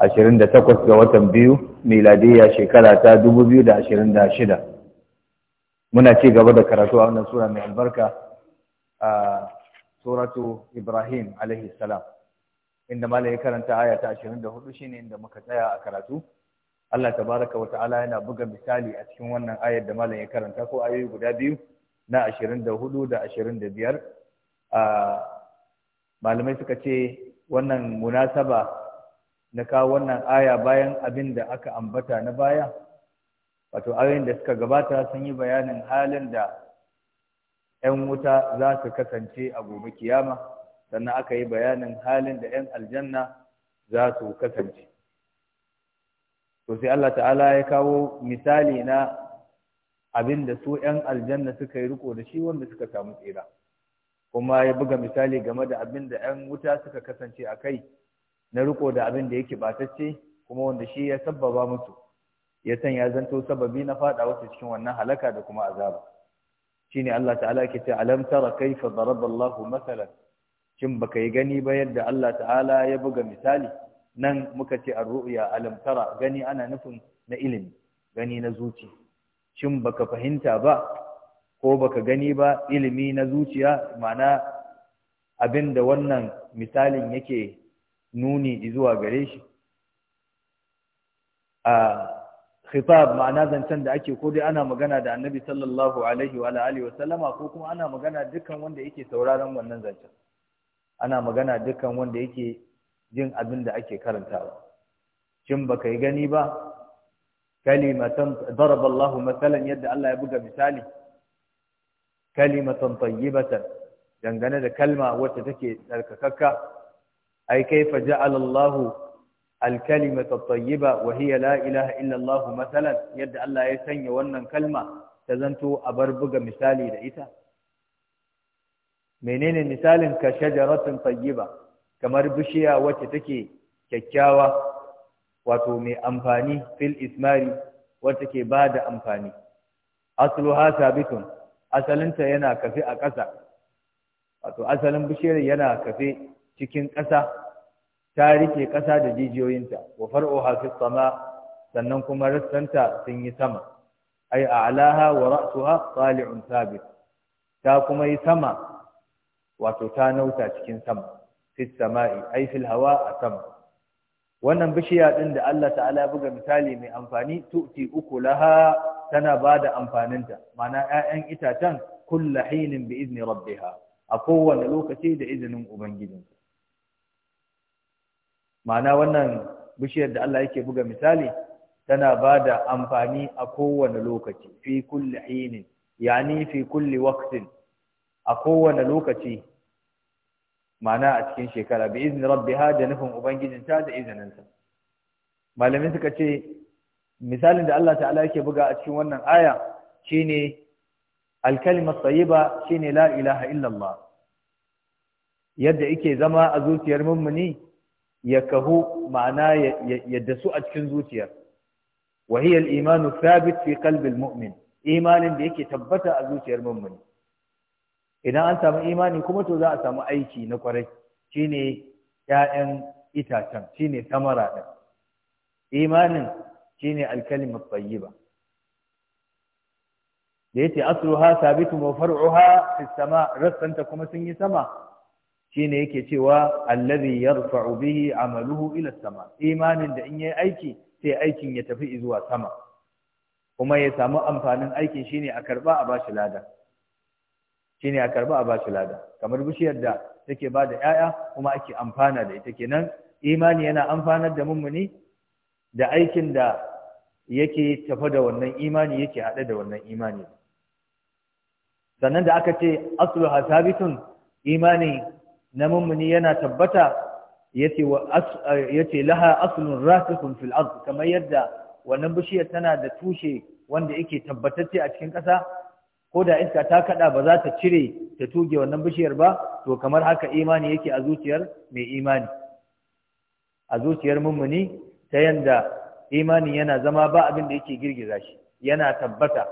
28 ga watan biyu miladiyya shekara ta 2026 muna ci gaba da karatu a wannan sura mai albarka a suratu ibrahim alaihi salam inda ya karanta aya ta 24 shine inda muka tsaya a karatu Allah tabaraka wa ta'ala yana buga misali a cikin wannan ayar da ya karanta ko ayoyi guda biyu na 24 da 25 a malamai suka ce wannan munasaba na kawo wannan aya bayan abin da aka ambata na baya wato ayoyin da suka gabata sun yi bayanin halin da 'yan wuta za su kasance a gobe kiyama sannan aka yi bayanin halin da 'yan aljanna za su kasance to sai Allah ta'ala ya kawo misali na abin da su 'yan aljanna suka yi riko da shi wanda suka samu tsira kuma ya buga misali game da abin da 'yan wuta suka kasance a kai na riko da abin da yake batacce kuma wanda shi ya sabbaba musu ya sanya zanto sababi na fada wasu cikin wannan halaka da kuma azaba shine Allah ta'ala ke ce alam tara kaifa daraba Allah masalan kin baka yi gani ba yadda Allah ta'ala ya buga misali nan muka ce ar-ru'ya alam tara gani ana nufin na ilimi gani na zuci shin baka fahimta ba ko baka gani ba ilimi na zuciya ma'ana abinda wannan misalin yake nuni zuwa gare shi a khitab ma'ana zancen da ake ko dai ana magana da annabi sallallahu alaihi wa alihi wa sallama ko kuma ana magana dukkan wanda yake sauraron wannan zancen ana magana dukkan wanda yake jin abin da ake karantawa shin baka yi gani ba kalimatan daraballahu masalan yadda Allah ya buga misali kalimatan tayyibatan dangane da kalma wacce take tsarkakakka ai kaifa ja'ala Allah al-kalimata at-tayyiba wa hiya la ilaha illa Allah masalan yadda Allah ya sanya wannan kalma ta zanto a bar buga misali da ita menene misalin ka shajaratin tayyiba kamar bishiya wacce take kyakkyawa wato mai amfani fil ismari wacce ke da amfani asluha sabitun asalinta yana kafe a ƙasa wato asalin bishiyar yana kafe cikin ƙasa ta rike ƙasa da jijiyoyinta wa far'uha fi sama sannan kuma rassanta sun yi sama ai a'laha wa ra'suha tali'un sabit ta kuma yi sama wato ta nauta cikin sama fi sama'i ai fil hawa a sama wannan bishiya din da Allah ta'ala buga misali mai amfani tu'ti ukulaha tana bada amfaninta mana ƴaƴan itacen kullu hinin bi izni rabbiha a kowane lokaci da izinin ubangijinta ma'ana wannan bishiyar da Allah yake buga misali tana ba da amfani a kowane lokaci fi kulli hinin yani fi kulli waqtin a kowane lokaci ma'ana a cikin shekara bi izni rabbiha da nufin ubangijinta da izininsa malamin suka ce misalin da Allah ta'ala yake buga a cikin wannan aya shine alkalimar tsayiba shine la ilaha illallah yadda yake zama a zuciyar mummuni ya kahu ma'ana ya dasu a cikin zuciya wa hiya al-imanu thabit fi qalbi al-mu'min imanin da yake tabbata a zuciyar mu'min. idan an samu imani kuma to za a samu aiki na kwarai shine 'ya'yan itacen shine samara din imanin shine al-kalimatu tayyiba da yace asluha thabitun wa far'uha fi sama rassanta kuma sun yi sama shine yake cewa allazi yarfa'u bihi amaluhu ila sama imanin da in yayi aiki sai aikin ya tafi zuwa sama kuma ya samu amfanin aikin shine a karba a bashi lada shine a karba a bashi lada kamar bishiyar da take bada yaya kuma ake amfana da ita kenan imani yana amfanar da mummuni da aikin da yake tafa da wannan imani yake haɗe da wannan imani sannan da aka ce asluha sabitun imani na mummuni yana tabbata yace wa yace laha aslun rasikun fil ard kamar yadda wannan bishiyar tana da tushe wanda yake tabbatacce a cikin ƙasa ko da iska ta kada ba za ta cire ta tuge wannan bishiyar ba to kamar haka imani yake a zuciyar mai imani a zuciyar mummuni ta yanda imani yana zama ba abin da yake girgiza shi yana tabbata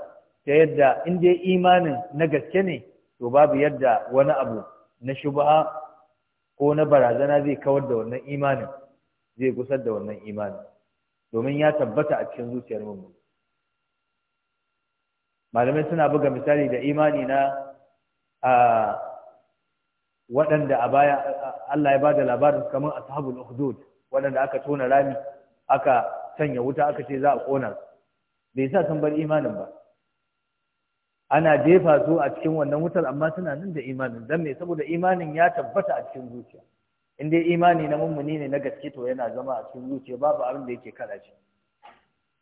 ta yadda in dai imanin na gaske ne to babu yadda wani abu na shubha ko na barazana zai kawar da wannan imanin zai gusar da wannan imanin domin ya tabbata a cikin zuciyar mu malamai suna buga misali da imani na a waɗanda a baya Allah ya bada labarin kamar ashabul ukhdud waɗanda aka tona rami aka sanya wuta aka ce za a kona bai sa sun bar imanin ba ana jefa su a cikin wannan wutar amma suna nan da imanin dan me saboda imanin ya tabbata a cikin zuciya in dai imani na mummuni ne na gaske to yana zama a cikin zuciya babu abin da yake kada shi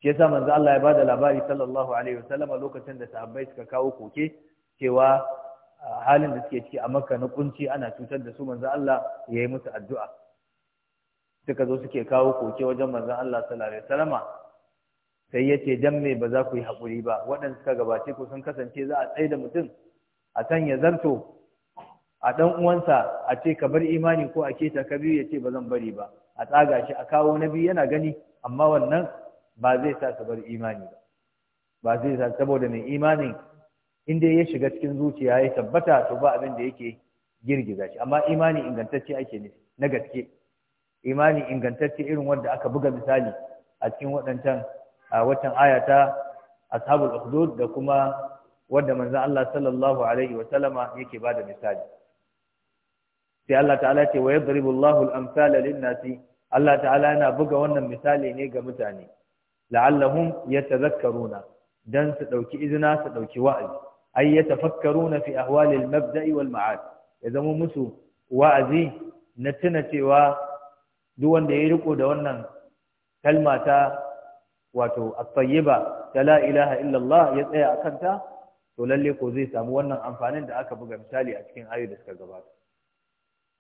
ke yasa manzo Allah ya bada labari sallallahu alaihi wasallam lokacin da sahabbai suka kawo koke cewa halin da suke ciki a Makka na kunci ana cutar da su manzo Allah ya yi musu addu'a suka zo suke kawo koke wajen manzo Allah sallallahu alaihi wasallam sai ya ce dan me ba za ku yi haƙuri ba waɗanda suka gabace ku sun kasance za a tsaye da mutum a can ya zarto a ɗan uwansa a ce ka bar imani ko a keta ka biyu ya ce ba zan bari ba a tsaga shi a kawo na biyu yana gani amma wannan ba zai sa su bar imani ba ba zai sa saboda mai imanin in dai ya shiga cikin zuciya ya tabbata to ba abin da yake girgiza shi amma imani ingantacce ake ne, na gaske imani ingantacce irin wanda aka buga misali a cikin waɗancan a watan ayata ashabul ukhdud da kuma wanda manzon Allah sallallahu alaihi wa sallama yake bada misali sai Allah ta'ala ce wa yadribu Allahu al-amsala lin-nasi Allah ta'ala yana buga wannan misali ne ga mutane la'allahum yatadhakkaruna dan su dauki izina su dauki wa'azi ay yatafakkaruna fi ahwali al-mabda'i wal-ma'ad ya zama musu wa'azi na tuna cewa duk wanda ya riko da wannan kalma ta wato at-tayyiba ta la ilaha illallah ya tsaya a kanta to lalle ko zai samu wannan amfanin da aka buga misali a cikin ayoyi da suka gabata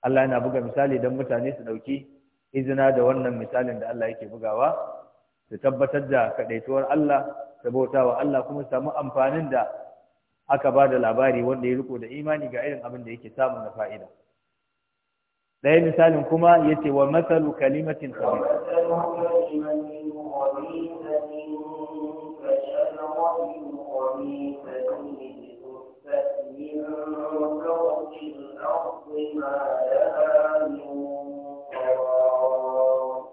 Allah yana buga misali don mutane su dauki izina da wannan misalin da Allah yake bugawa su tabbatar da kadaituwar Allah su bautawa Allah kuma su samu amfanin da aka ba da labari wanda ya riko da imani ga irin abin da yake samu na fa'ida ɗaya misalin kuma ya ce wa matsalu kalimatin khabis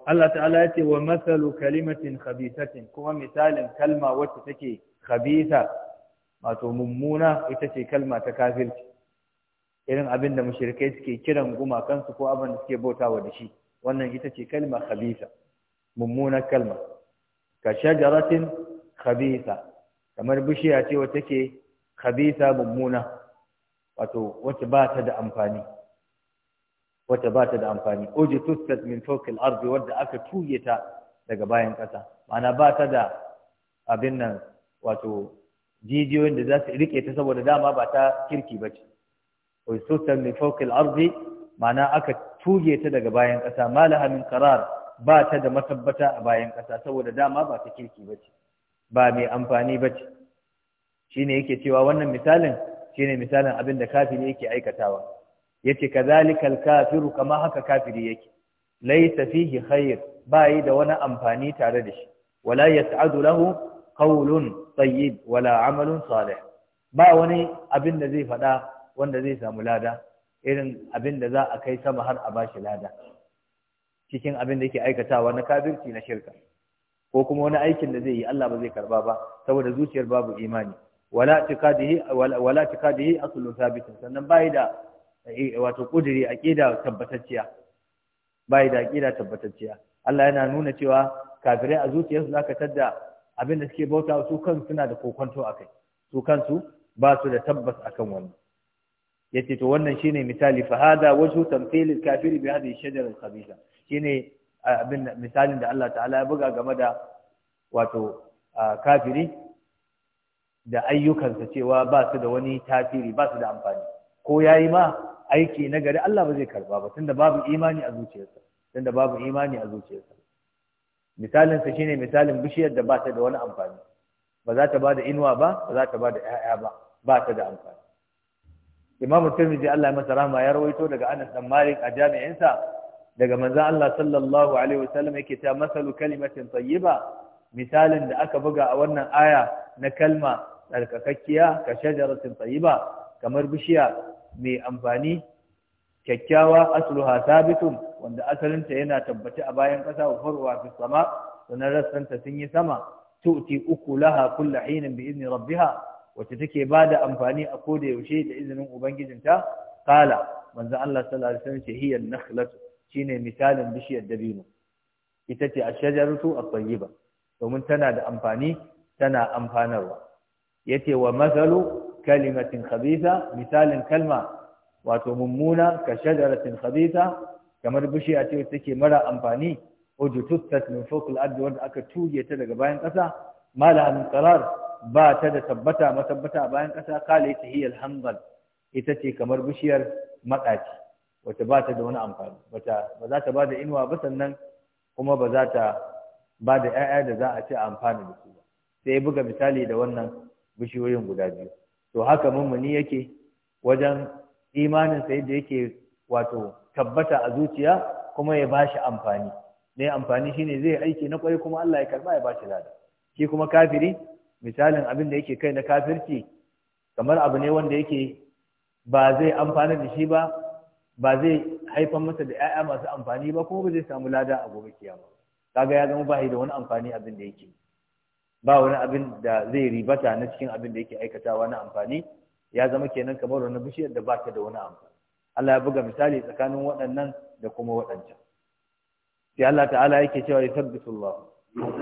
Allah ta'ala ya ce wa matsalu kalimatin khabisatin kuma misalin kalma wacce take khabisa wato mummuna ita ce kalma ta kafirci irin abin da mushirkai suke kiran gumakansu ko abin da suke bautawa da shi wannan ita ce kalma khabisa mummunar kalma ka shajaratin khabisa kamar bishiya ce wacce take khabisa mummuna wato wacce ba ta da amfani wacce ba ta da amfani Oji, tustat min fawqil ardi wadda aka tuye ta daga bayan kasa ma'ana ba ta da abin nan wato jijiyoyin da za su rike ta saboda dama ba ta kirki ba ce wa yusutan min fawqil ma'ana aka tuge ta daga bayan ƙasa malaha min karar ba ta da matabbata a bayan ƙasa saboda dama ba ta kirki bace ba mai amfani bace shine yake cewa wannan misalin shine misalin abin da kafiri yake aikatawa yace kazalikal kafiru kama haka kafiri yake laysa fihi Ba yi da wani amfani tare da shi wala yas'adu lahu qawlun tayyib wala amalun salih ba wani abin da zai faɗa. wanda zai samu lada irin abin da za a kai sama har a bashi lada cikin abin da yake aikatawa na kafirci na shirka ko kuma wani aikin da zai yi Allah ba zai karba ba saboda zuciyar babu imani wala tikadihi wala tikadihi aslu thabit sannan bai da eh, wato kudiri aqida tabbatacciya bai da aqida tabbatacciya Allah yana nuna cewa kafirai a zuciyarsu zaka tadda abin da suke bauta su kansu suna da kokonto akai su kansu ba su da tabbas akan wannan yace to wannan shine misali fa hada wajhu tamthil al-kafiri bi hadhihi shajara al-khabitha shine abin misalin da Allah ta'ala ya buga game da wato kafiri da ayyukansa cewa ba su da wani tasiri ba su da amfani ko yayi ma aiki na gari Allah ba zai karba ba tunda babu imani a zuciyarsa tunda babu imani a zuciyarsa misalin sa shine misalin bishiyar da ba ta da wani amfani ba za ta ba da inuwa ba ba za ta ba da ƴaƴa ba ba ta da amfani imamu tirmidhi Allah ya masa rahma ya rawaito daga Anas dan Malik a jami'insa daga manzon Allah sallallahu alaihi wasallam yake ta masalu kalimatin tayyiba misalin da aka buga a wannan aya na kalma tsarkakakkiya ka shajaratin tayyiba kamar bishiya mai amfani kyakkyawa asluha sabitun wanda asalinta yana tabbata a bayan kasa wa farwa fi sama sanar rassanta sun yi sama tu'ti ukulaha kullu hinin bi izni rabbiha wacce take ba da amfani a koda yaushe da izinin ubangijinta kala manzon Allah sallallahu alaihi wasallam ce shine misalin bishiyar dabino ita ce ash-shajaratu at-tayyiba domin tana da amfani tana amfanarwa ce wa mathalu kalimatin khabitha misalin kalma wato mummuna ka shajaratin khabitha kamar bishiya ce take mara amfani ujututat min fawq al wanda aka tuge ta daga bayan kasa mala min qarar ba ta da tabbata matabbata bayan kasa, kala ita hiyar hanzal ita ce kamar bishiyar maƙaci. wata ba ta da wani amfani ba za ta ba da inuwa ba sannan kuma ba za ta ba da 'ya'ya da za a ci amfani da su sai buga misali da wannan bishiyoyin guda biyu to haka mummuni yake wajen imanin sa yadda yake wato tabbata a zuciya kuma ya ba shi amfani ne amfani shine zai aiki na kwai kuma Allah ya karba ya shi lada shi kuma kafiri misalin abin da yake kai na kafirci kamar abu ne wanda yake ba zai amfana da shi ba ba zai haifan masa da 'ya'ya masu amfani ba kuma ba zai samu lada a gobe kiyama kaga ya zama bai da wani amfani abin da yake ba wani abin da zai ribata na cikin abin da yake aikatawa na amfani ya zama kenan kamar wani bishiyar da ba ta da wani amfani Allah ya buga misali tsakanin waɗannan da kuma waɗancan sai Allah ta'ala yake cewa ya tabbitu Allah يثبت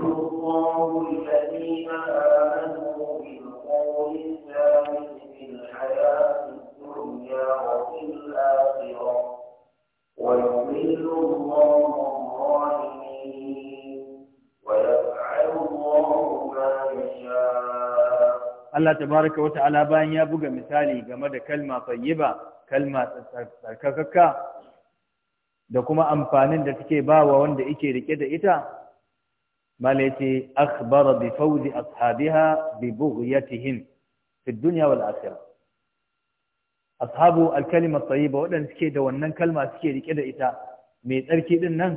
ta الذين آمنوا بالقول الثابت في الحياة الدنيا وفي الآخرة ويضل الله الظالمين ويفعل الله ما يشاء Allah baraka wa ta'ala bayan ya buga misali game da kalma ba kalma tsarkakakka da kuma amfanin da take wa wanda ike rike da ita malati akhbara bi fawzi ashabiha bi bughyatihim fi dunya wal akhirah ashabu al-kalima tayyiba wadanda suke da wannan kalma suke rike da ita mai tsarki din nan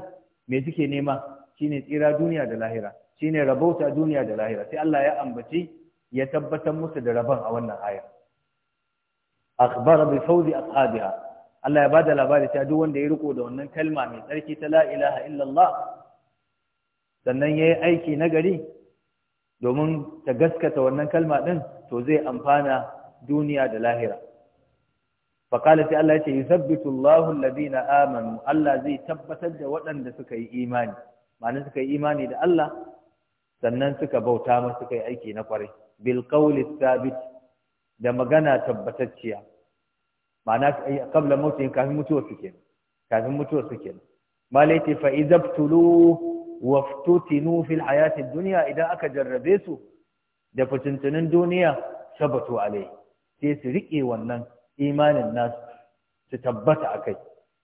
suke nema shine tsira duniya da lahira shine rabauta duniya da lahira sai Allah ya ambaci ya tabbatar musu da rabon a wannan ayar akhbara bi fawzi ashabiha Allah ya ba da labari ta duk wanda ya riko da wannan kalma mai tsarki ta la ilaha illallah sannan ya yi aiki nagari domin ta gaskata wannan kalma ɗin to zai amfana duniya da lahira faƙala sai Allah ya ce yusabbitu Allahu na amanu Allah zai tabbatar da waɗanda suka yi imani ma'ana suka yi imani da Allah sannan suka bauta masa suka yi aiki na kwarai bil Sabit, da magana tabbatacciya ma'ana qabla kafin mutuwa suke kafin mutuwa suke malai ce fa waftutinu fil hayatin duniya idan aka jarrabe su da fitintunin duniya sabatu alai sai su rike wannan imanin nasu su tabbata akai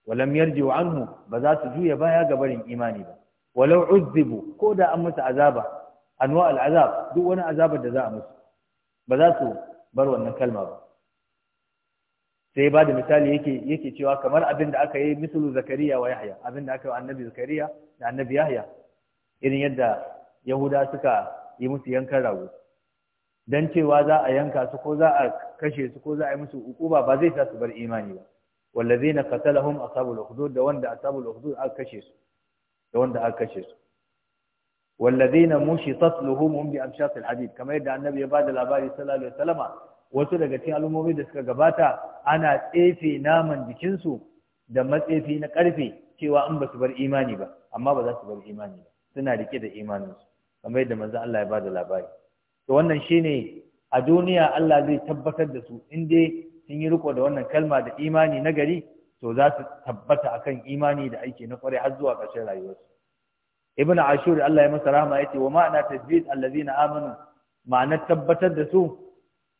walam yarji'u anhu ba za su juya baya ga barin imani ba walau uzzibu ko da an musu azaba anwa azab duk wani azabar da za a musu ba za su bar wannan kalma ba sai ba da misali yake yake cewa kamar abin da aka yi misalu zakariya wa yahya abin da aka yi annabi zakariya da annabi yahya irin yadda yahuda suka yi musu yankan rago dan cewa za a yanka su ko za a kashe su ko za a yi musu hukuma ba zai sa su bar imani ba wallazina qatalahum ashabul ukhdud da wanda ashabul ukhdud aka kashe su da wanda aka kashe su wallazina mushitat lahum bi amshat alhadid kamar yadda annabi ya bada labari sallallahu alaihi wasallama wasu daga cikin al'ummomi da suka gabata ana tsefe naman jikinsu da matsefi na karfe cewa an ba su bar imani ba amma ba za su bar imani ba suna rike da imaninsu kamar yadda manzon Allah ya ba da labari to wannan shine a duniya Allah zai tabbatar da su in dai sun yi riko da wannan kalma da imani na gari to za su tabbata akan imani da aiki na kwarai har zuwa ƙarshen rayuwarsu ibnu ashur Allah ya masa rahama yace wa ma'ana tasbit allazina amanu ma'ana tabbatar da su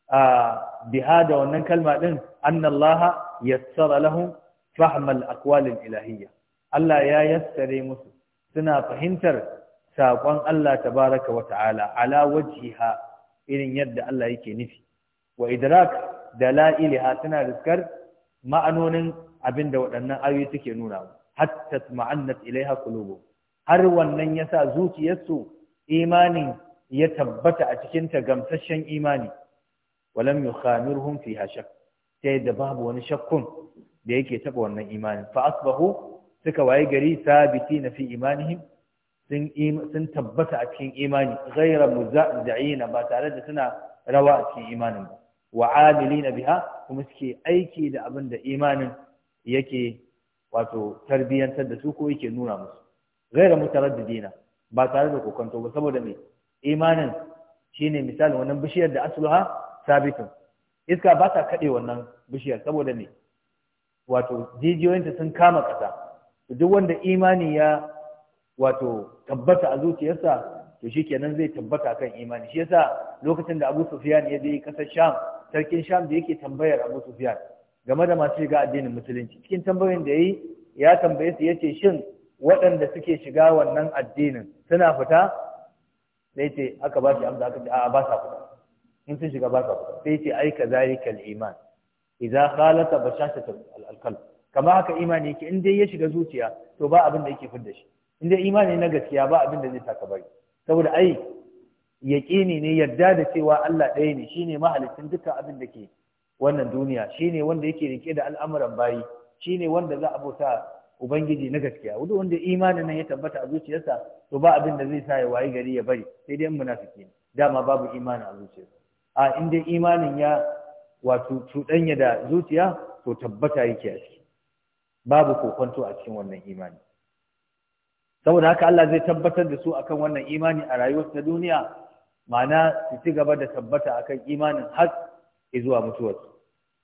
a da wannan kalma din annallaha yassara lahum fahmal aqwalil ilahiyya Allah ya yassare musu suna fahimtar saƙon Allah tabaraka wa ta'ala ala wajhiha irin yadda Allah yake nufi wa idrak La'iliha suna riskar ma'anonin abinda waɗannan ayoyi suke nuna hatta ma'annat ilaiha kulubu har wannan yasa zuciyarsu imanin ya tabbata a cikin ta gamsasshen imani walam yukhamirhum fiha shakk sai da babu wani shakkun da yake taba wannan imanin fa asbahu suka waye gari sabiti na fi imanihim sun tabbata a cikin imani ghaira muza'ina ba tare da suna rawa a cikin imanin ba wa amilina biha kuma suke aiki da abin da imanin yake wato tarbiyantar da su ko yake nuna musu ghaira mutaraddidina ba tare da kokonto ba saboda me imanin shine misali wannan bishiyar da asluha sabitun iska ba ta kade wannan bishiyar saboda me wato jijiyoyinta sun kama ƙasa duk wanda imani ya wato tabbata a zuciyarsa to shikenan zai tabbata kan imani shi yasa lokacin da Abu Sufyan ya je kasar Sham sarkin Sham da yake tambayar Abu Sufyan game da masu shiga addinin musulunci cikin tambayoyin da yayi ya tambaye su yace shin waɗanda suke shiga wannan addinin suna fita sai ce aka ba shi amsa aka ce a'a ba sa fita in sun shiga ba sa fita sai ce ai kazalikal iman idza khalata bashashatul qalb kamar haka imani yake in dai ya shiga zuciya to ba abin da yake fidda shi in dai imani na gaskiya ba abin da zai saka bari saboda ai yaƙini ne yadda da cewa Allah ɗaya ne shine mahalicin dukkan abin da ke wannan duniya shine wanda yake rike da al'amuran bayi shine wanda za a bauta ubangiji na gaskiya wanda wanda imanin nan ya tabbata a zuciyarsa to ba abin da zai sa ya wayi gari ya bari sai dai munafiki ne dama babu imani a zuciyarsa a in dai imanin ya wato cuɗanya da zuciya to tabbata yake a ciki babu kokonto a cikin wannan imani saboda haka Allah zai tabbatar da su akan wannan imani a rayuwar ta duniya ma'ana su ci gaba da tabbata akan imanin har zuwa mutuwarsu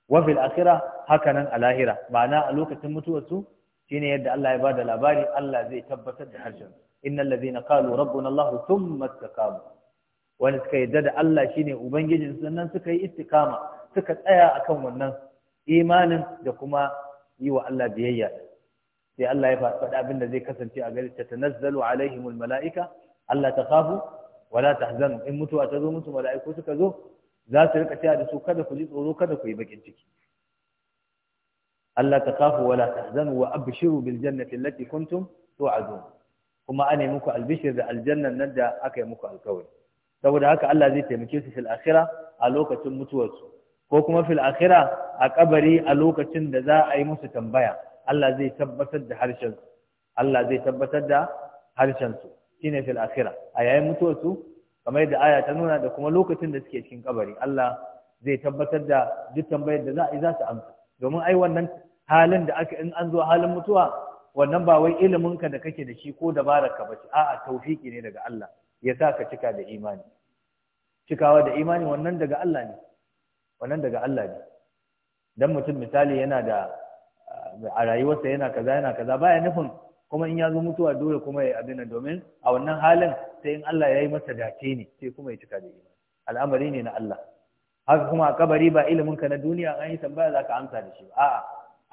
wa fil akhira haka nan a lahira ma'ana a lokacin mutuwarsu shine yadda Allah ya bada labari Allah zai tabbatar da harshen innal ladhina qalu rabbuna Allah thumma istaqamu wani suka yadda da Allah shine ubangijin sannan suka yi istikama suka tsaya akan wannan imanin da kuma yi wa Allah biyayya sai Allah ya faɗa abin da zai kasance a gare ta tanazzalu alaihimul mala'ika Allah ta kafu wala tahzan in mutuwa ta zo musu mala'iku suka zo za su rika cewa da su kada ku ji tsoro kada ku yi bakin ciki Allah ta kafu wala tahzan wa abshiru bil jannati allati kuntum tu'adun kuma an yi muku albishir da aljannan nan da aka yi muku alkawari saboda haka Allah zai taimake su fil akhirah a lokacin mutuwarsu ko kuma fil akhira a kabari a lokacin da za a yi musu tambaya Allah zai tabbatar da harshen Allah zai tabbatar da harshen su shine fil akhira a yayin mutuwar su kamar yadda aya ta nuna da kuma lokacin da suke cikin kabari Allah zai tabbatar da duk tambayar da za a yi za su amsa domin ai wannan halin da aka in an zo halin mutuwa wannan ba wai ilimin ka da kake da shi ko dabarar ka bace a'a tawfiki ne daga Allah ya sa ka cika da imani cikawa da imani wannan daga Allah ne wannan daga Allah ne dan mutum misali yana da a rayuwarsa yana kaza yana kaza baya nufin kuma in ya zo mutuwa dole kuma ya abin domin a wannan halin sai in Allah ya yi masa dace ne sai kuma ya cika da imani al'amari ne na Allah haka kuma a kabari ba ilimin ka na duniya an yi tambaya za ka amsa da shi ba a'a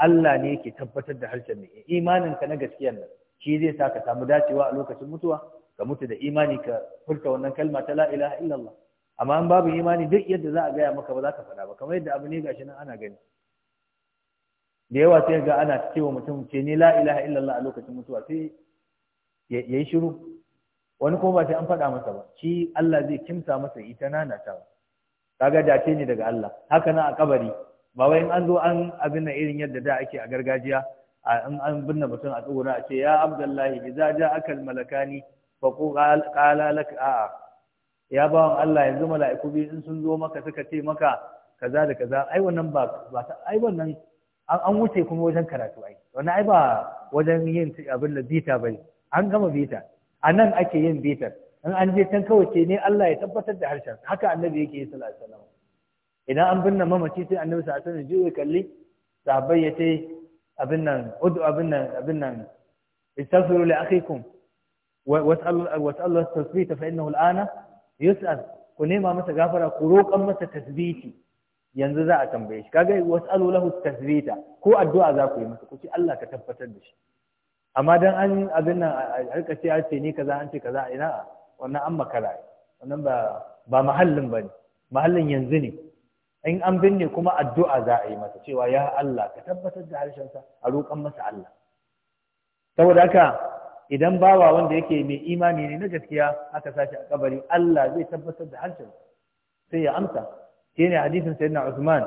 Allah ne yake tabbatar da harshen ne imanin ka na gaskiya nan shi zai sa ka samu dacewa a lokacin mutuwa ka mutu da imani ka furta wannan kalma ta la ilaha illallah amma in babu imani duk yadda za a gaya maka ba za ka faɗa ba kamar yadda abu ne gashi nan ana gani da yawa sai ga ana cewa mutum ce ni la ilaha illallah a lokacin mutuwa sai ya yi shiru wani kuma ba sai an faɗa masa ba shi Allah zai kimsa masa ita nana ta kaga dace ne daga Allah haka nan a kabari ba wai in an zo an abin nan irin yadda da ake a gargajiya in an binne mutum a tsuguna a ce ya abdullahi idza ja'aka al-malakani fa qala lak a'a ya bawan Allah yanzu mala'iku biyu in sun zo maka suka ce maka kaza da kaza ai wannan ba ba ta ai wannan an wuce kuma wajen karatu ai wannan ai ba wajen yin abin da bita bane an gama bita a nan ake yin bitar in an je can kawai ce ne Allah ya tabbatar da harshen haka annabi yake yi sallallahu alaihi wasallam idan an binne mamaci sai annabi sallallahu alaihi wasallam ya kalli sahabbai ya ce abin nan udu abin nan abin nan istaghfiru li akhikum wa was'alu was'alu at-tasbita fa innahu al yus'al ku nema masa gafara ku roƙan masa tasbiti yanzu za a tambaye shi kaga was'alu lahu tasbita ko addu'a za ku yi masa ku ce Allah ka tabbatar da shi amma dan an abin nan a rika ce a ce ni kaza an ce kaza ina wannan an makara wannan ba ba mahallin bane mahallin yanzu ne in an binne kuma addu'a za a yi masa cewa ya Allah ka tabbatar da harshen sa a roƙan masa Allah saboda haka idan bawa wanda yake mai imani ne na gaskiya aka sashi a kabari Allah zai tabbatar da hancin sai ya amsa ne hadisin sayyidina Uthman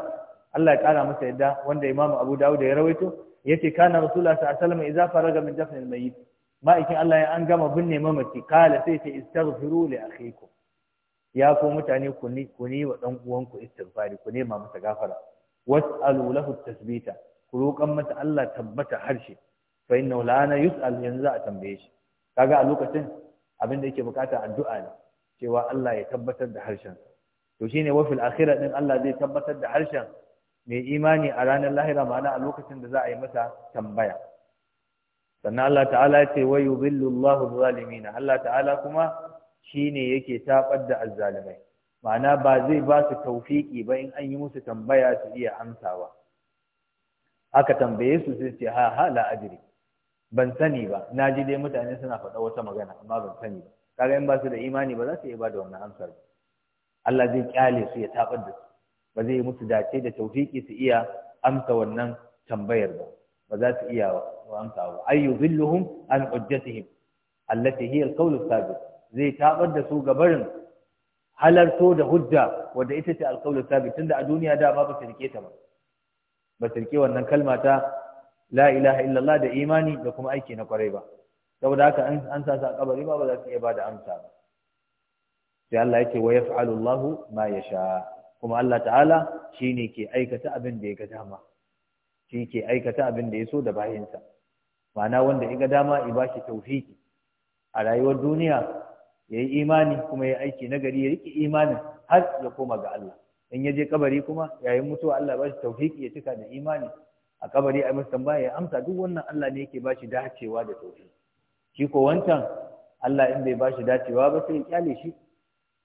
Allah ya kara masa yadda wanda Imam Abu Dawud ya rawaito yace kana rasulullah sallallahu alaihi wasallam idza faraga min dafn al-mayyit ma'aikin Allah ya an gama binne mamaki, kala sai ta istaghfiru li akhikum ya ko mutane ku ni ku ni wa dan uwanku istighfari ku nema masa gafara was'alu lahu tasbita ku roƙan masa Allah tabbata harshe fa innahu la na yus'al yanzu a tambaye shi kaga a lokacin abin da yake bukata addu'a ne cewa Allah ya tabbatar da harshen to shine wa fil akhirah din Allah zai tabbatar da harshen mai imani a ranar lahira ma'ana a lokacin da za a yi masa tambaya sannan Allah ta'ala ya ce wa yudhillu Allahu Allah ta'ala kuma shine yake tabar da azzalimai ma'ana ba zai ba su taufiki ba in an yi musu tambaya su iya amsawa aka tambaye su sai ce ha ha la ajri ban sani ba na ji dai mutane suna faɗa wata magana amma ban sani ba kaga in ba su da imani ba za su iya ba da wannan amsar ba Allah zai kyale su ya tabar da su ba zai musu dace da tawfiki su iya amsa wannan tambayar ba ba za su iya amsa ba ay yuzilluhum an ujjatihim allati hiya al sabit zai tabar da su gabarin halarto da hujja wanda ita ce al tunda a duniya da ba ba su ta ba ba su wannan kalmata. la ilaha illallah da imani da kuma aiki na kwarai ba saboda haka an sa su a kabari ba ba za su iya ba da amsa ba sai Allah ya ce wa yaf'alu Allahu ma yasha kuma Allah ta'ala shine ke aikata abin da ya ga dama shi ke aikata abin da ya so da bayinsa ma'ana wanda ya ga dama ya bashi tawfiki a rayuwar duniya ya yi imani kuma ya aiki na gari ya riƙe imanin har ya koma ga Allah in ya je kabari kuma yayin mutuwa Allah ba shi tawfiki ya cika da imani a kabari a masa tambaya ya amsa duk wannan Allah ne yake bashi dacewa da sauki shi ko wancan Allah in bai bashi dacewa ba sai ya kyale shi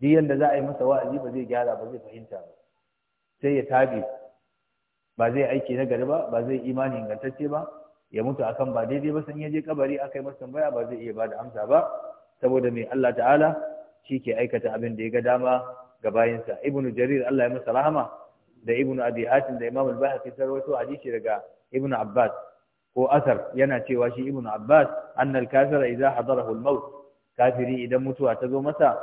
duk yanda za a yi masa wa'azi ba zai gyara ba zai fahimta ba sai ya tabi ba zai aiki na gari ba ba zai imani ingantacce ba ya mutu akan ba daidai ba san ya je kabari akai masa tambaya ba zai iya bada amsa ba saboda mai Allah ta'ala shi ke aikata abin da ya ga dama ga bayinsa ibnu jarir Allah ya masa rahama da ibn abi hatim da imam al-bahaqi sarwato hadisi daga ibn abbas ko asar yana cewa shi ibn abbas anna al-kafira idza hadarahu al-maut kafiri idan mutuwa ta zo masa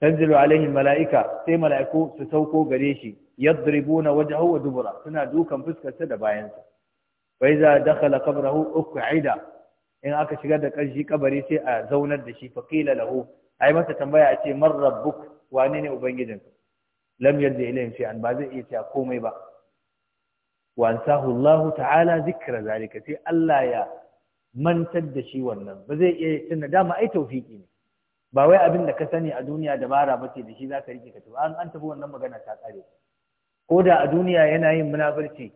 tanzilu alaihi mala'ika sai mala'iku su sauko gare shi yadribuna wajhahu wa dubura suna dukan fuskarsa da bayansa fa idza dakhala qabrahu uqida in aka shigar da kanshi kabari sai a zaunar da shi faqila lahu ai masa tambaya a ce man rabbuk wane ne ubangijinka lam yarji ilayhim shay'an ba zai iya cewa komai ba wa ansahu Allah ta'ala zikra zalika sai Allah ya mantar da shi wannan ba zai iya tunda dama ai tawfiki ne ba wai abin da ka sani a duniya dabara ba ce da shi zaka rike ka tuba an an tafi wannan magana ta kare ko da a duniya yana yin munafurci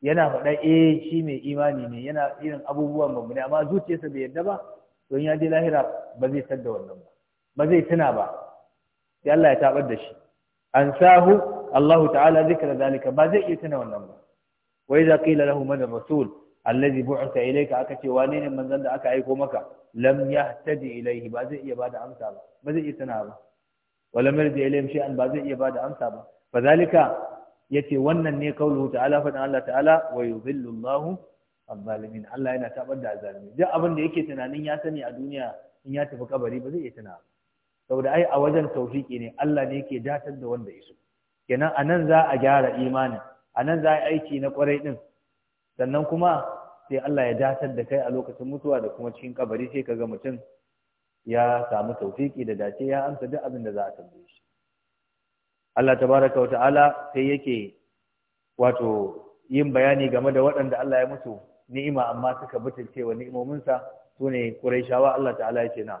yana faɗa eh shi mai imani ne yana irin abubuwan mummune amma zuciyarsa bai yarda ba don ya je lahira ba zai sadda wannan ba ba zai tuna ba sai Allah ya tabar da shi ansahu Allah ta'ala zikra zalika ba zai iya tana wannan ba wa idza qila lahu man ar-rasul allazi bu'itha ilayka aka ce wane ne manzon da aka aiko maka lam yahtadi ilayhi ba zai iya bada amsa ba ba zai iya tana ba wala marji ilayhim shay'an ba zai iya bada amsa ba fa zalika yace wannan ne kauluhu ta'ala fa Allah ta'ala wa yudhillu Allahu adh-dhalimin Allah yana tabar da zalimi duk abin da yake tunanin ya sani a duniya in ya tafi kabari ba zai iya tana ba saboda ai a wajen tawfiki ne Allah ne yake datar da wanda yaso kenan anan za a gyara imanin anan za a aiki na kwarai din sannan kuma sai Allah ya datar da kai a lokacin mutuwa da kuma cikin kabari sai kaga mutum ya samu tawfiki da dace ya amsa duk abin da za a tambaye shi Allah tabaraka wa ta'ala sai yake wato yin bayani game da waɗanda Allah ya mutu ni'ima amma suka butulce wa ni'imominsa sune Qurayshawa Allah ta'ala ya ce na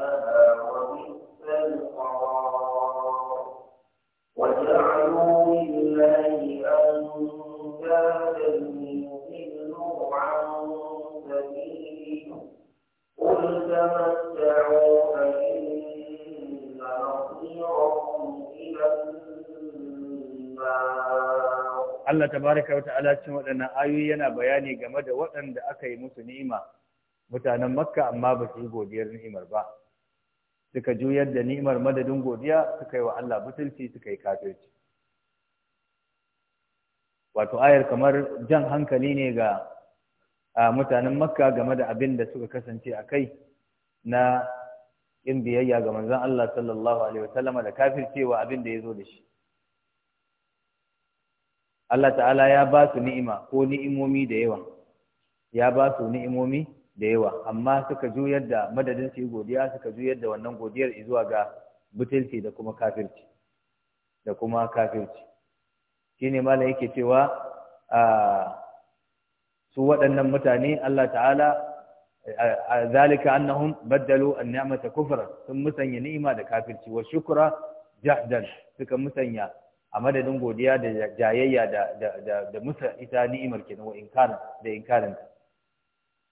Allah tabaraka wa ta'ala cikin waɗannan ayoyi yana bayani game da waɗanda aka yi musu ni'ima mutanen Makka amma ba su yi godiyar ni'imar ba suka juyar da ni'imar madadin godiya suka yi wa Allah butulci suka yi kafirci wato ayar kamar jan hankali ne ga mutanen Makka game da abin da suka kasance a kai na yin biyayya ga manzon Allah sallallahu alaihi wasallama da kafircewa abin da ya zo da shi Allah ta'ala ya ba su ni'ima ko ni'imomi da yawa ya ba su ni'imomi da yawa amma suka juyar da madadin su yi godiya suka juyar da wannan godiyar zuwa ga butulci da kuma kafirci da kuma kafirci shine malam yake cewa a su waɗannan mutane Allah ta'ala azalika annahum baddalu an-ni'mata kufra sun musanya ni'ima da kafirci wa shukra jahdan suka musanya a madadin godiya da jayayya da musa ita ni'imar kenan wa da inkarin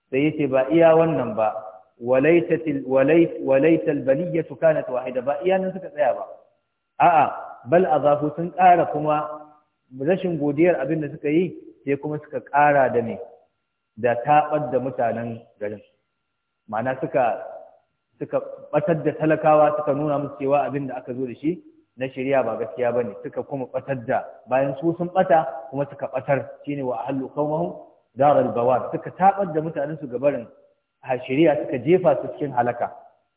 sai yace ba iya wannan ba walaitatil walait walaital baliyatu kanat wahida ba iya nan suka tsaya ba a'a bal a azafu sun ƙara kuma rashin godiyar abin da suka yi sai kuma suka kara da me da taɓar da mutanen garin ma'ana suka suka batar da talakawa suka nuna musu cewa abin da aka zo da shi na shari'a ba gaskiya ba ne, suka kuma ɓatar da bayan su sun ɓata kuma suka Shi ne wa ahallu qaumahum daral bawar suka taɓar da mutanen su gabarin shari'a suka jefa su cikin halaka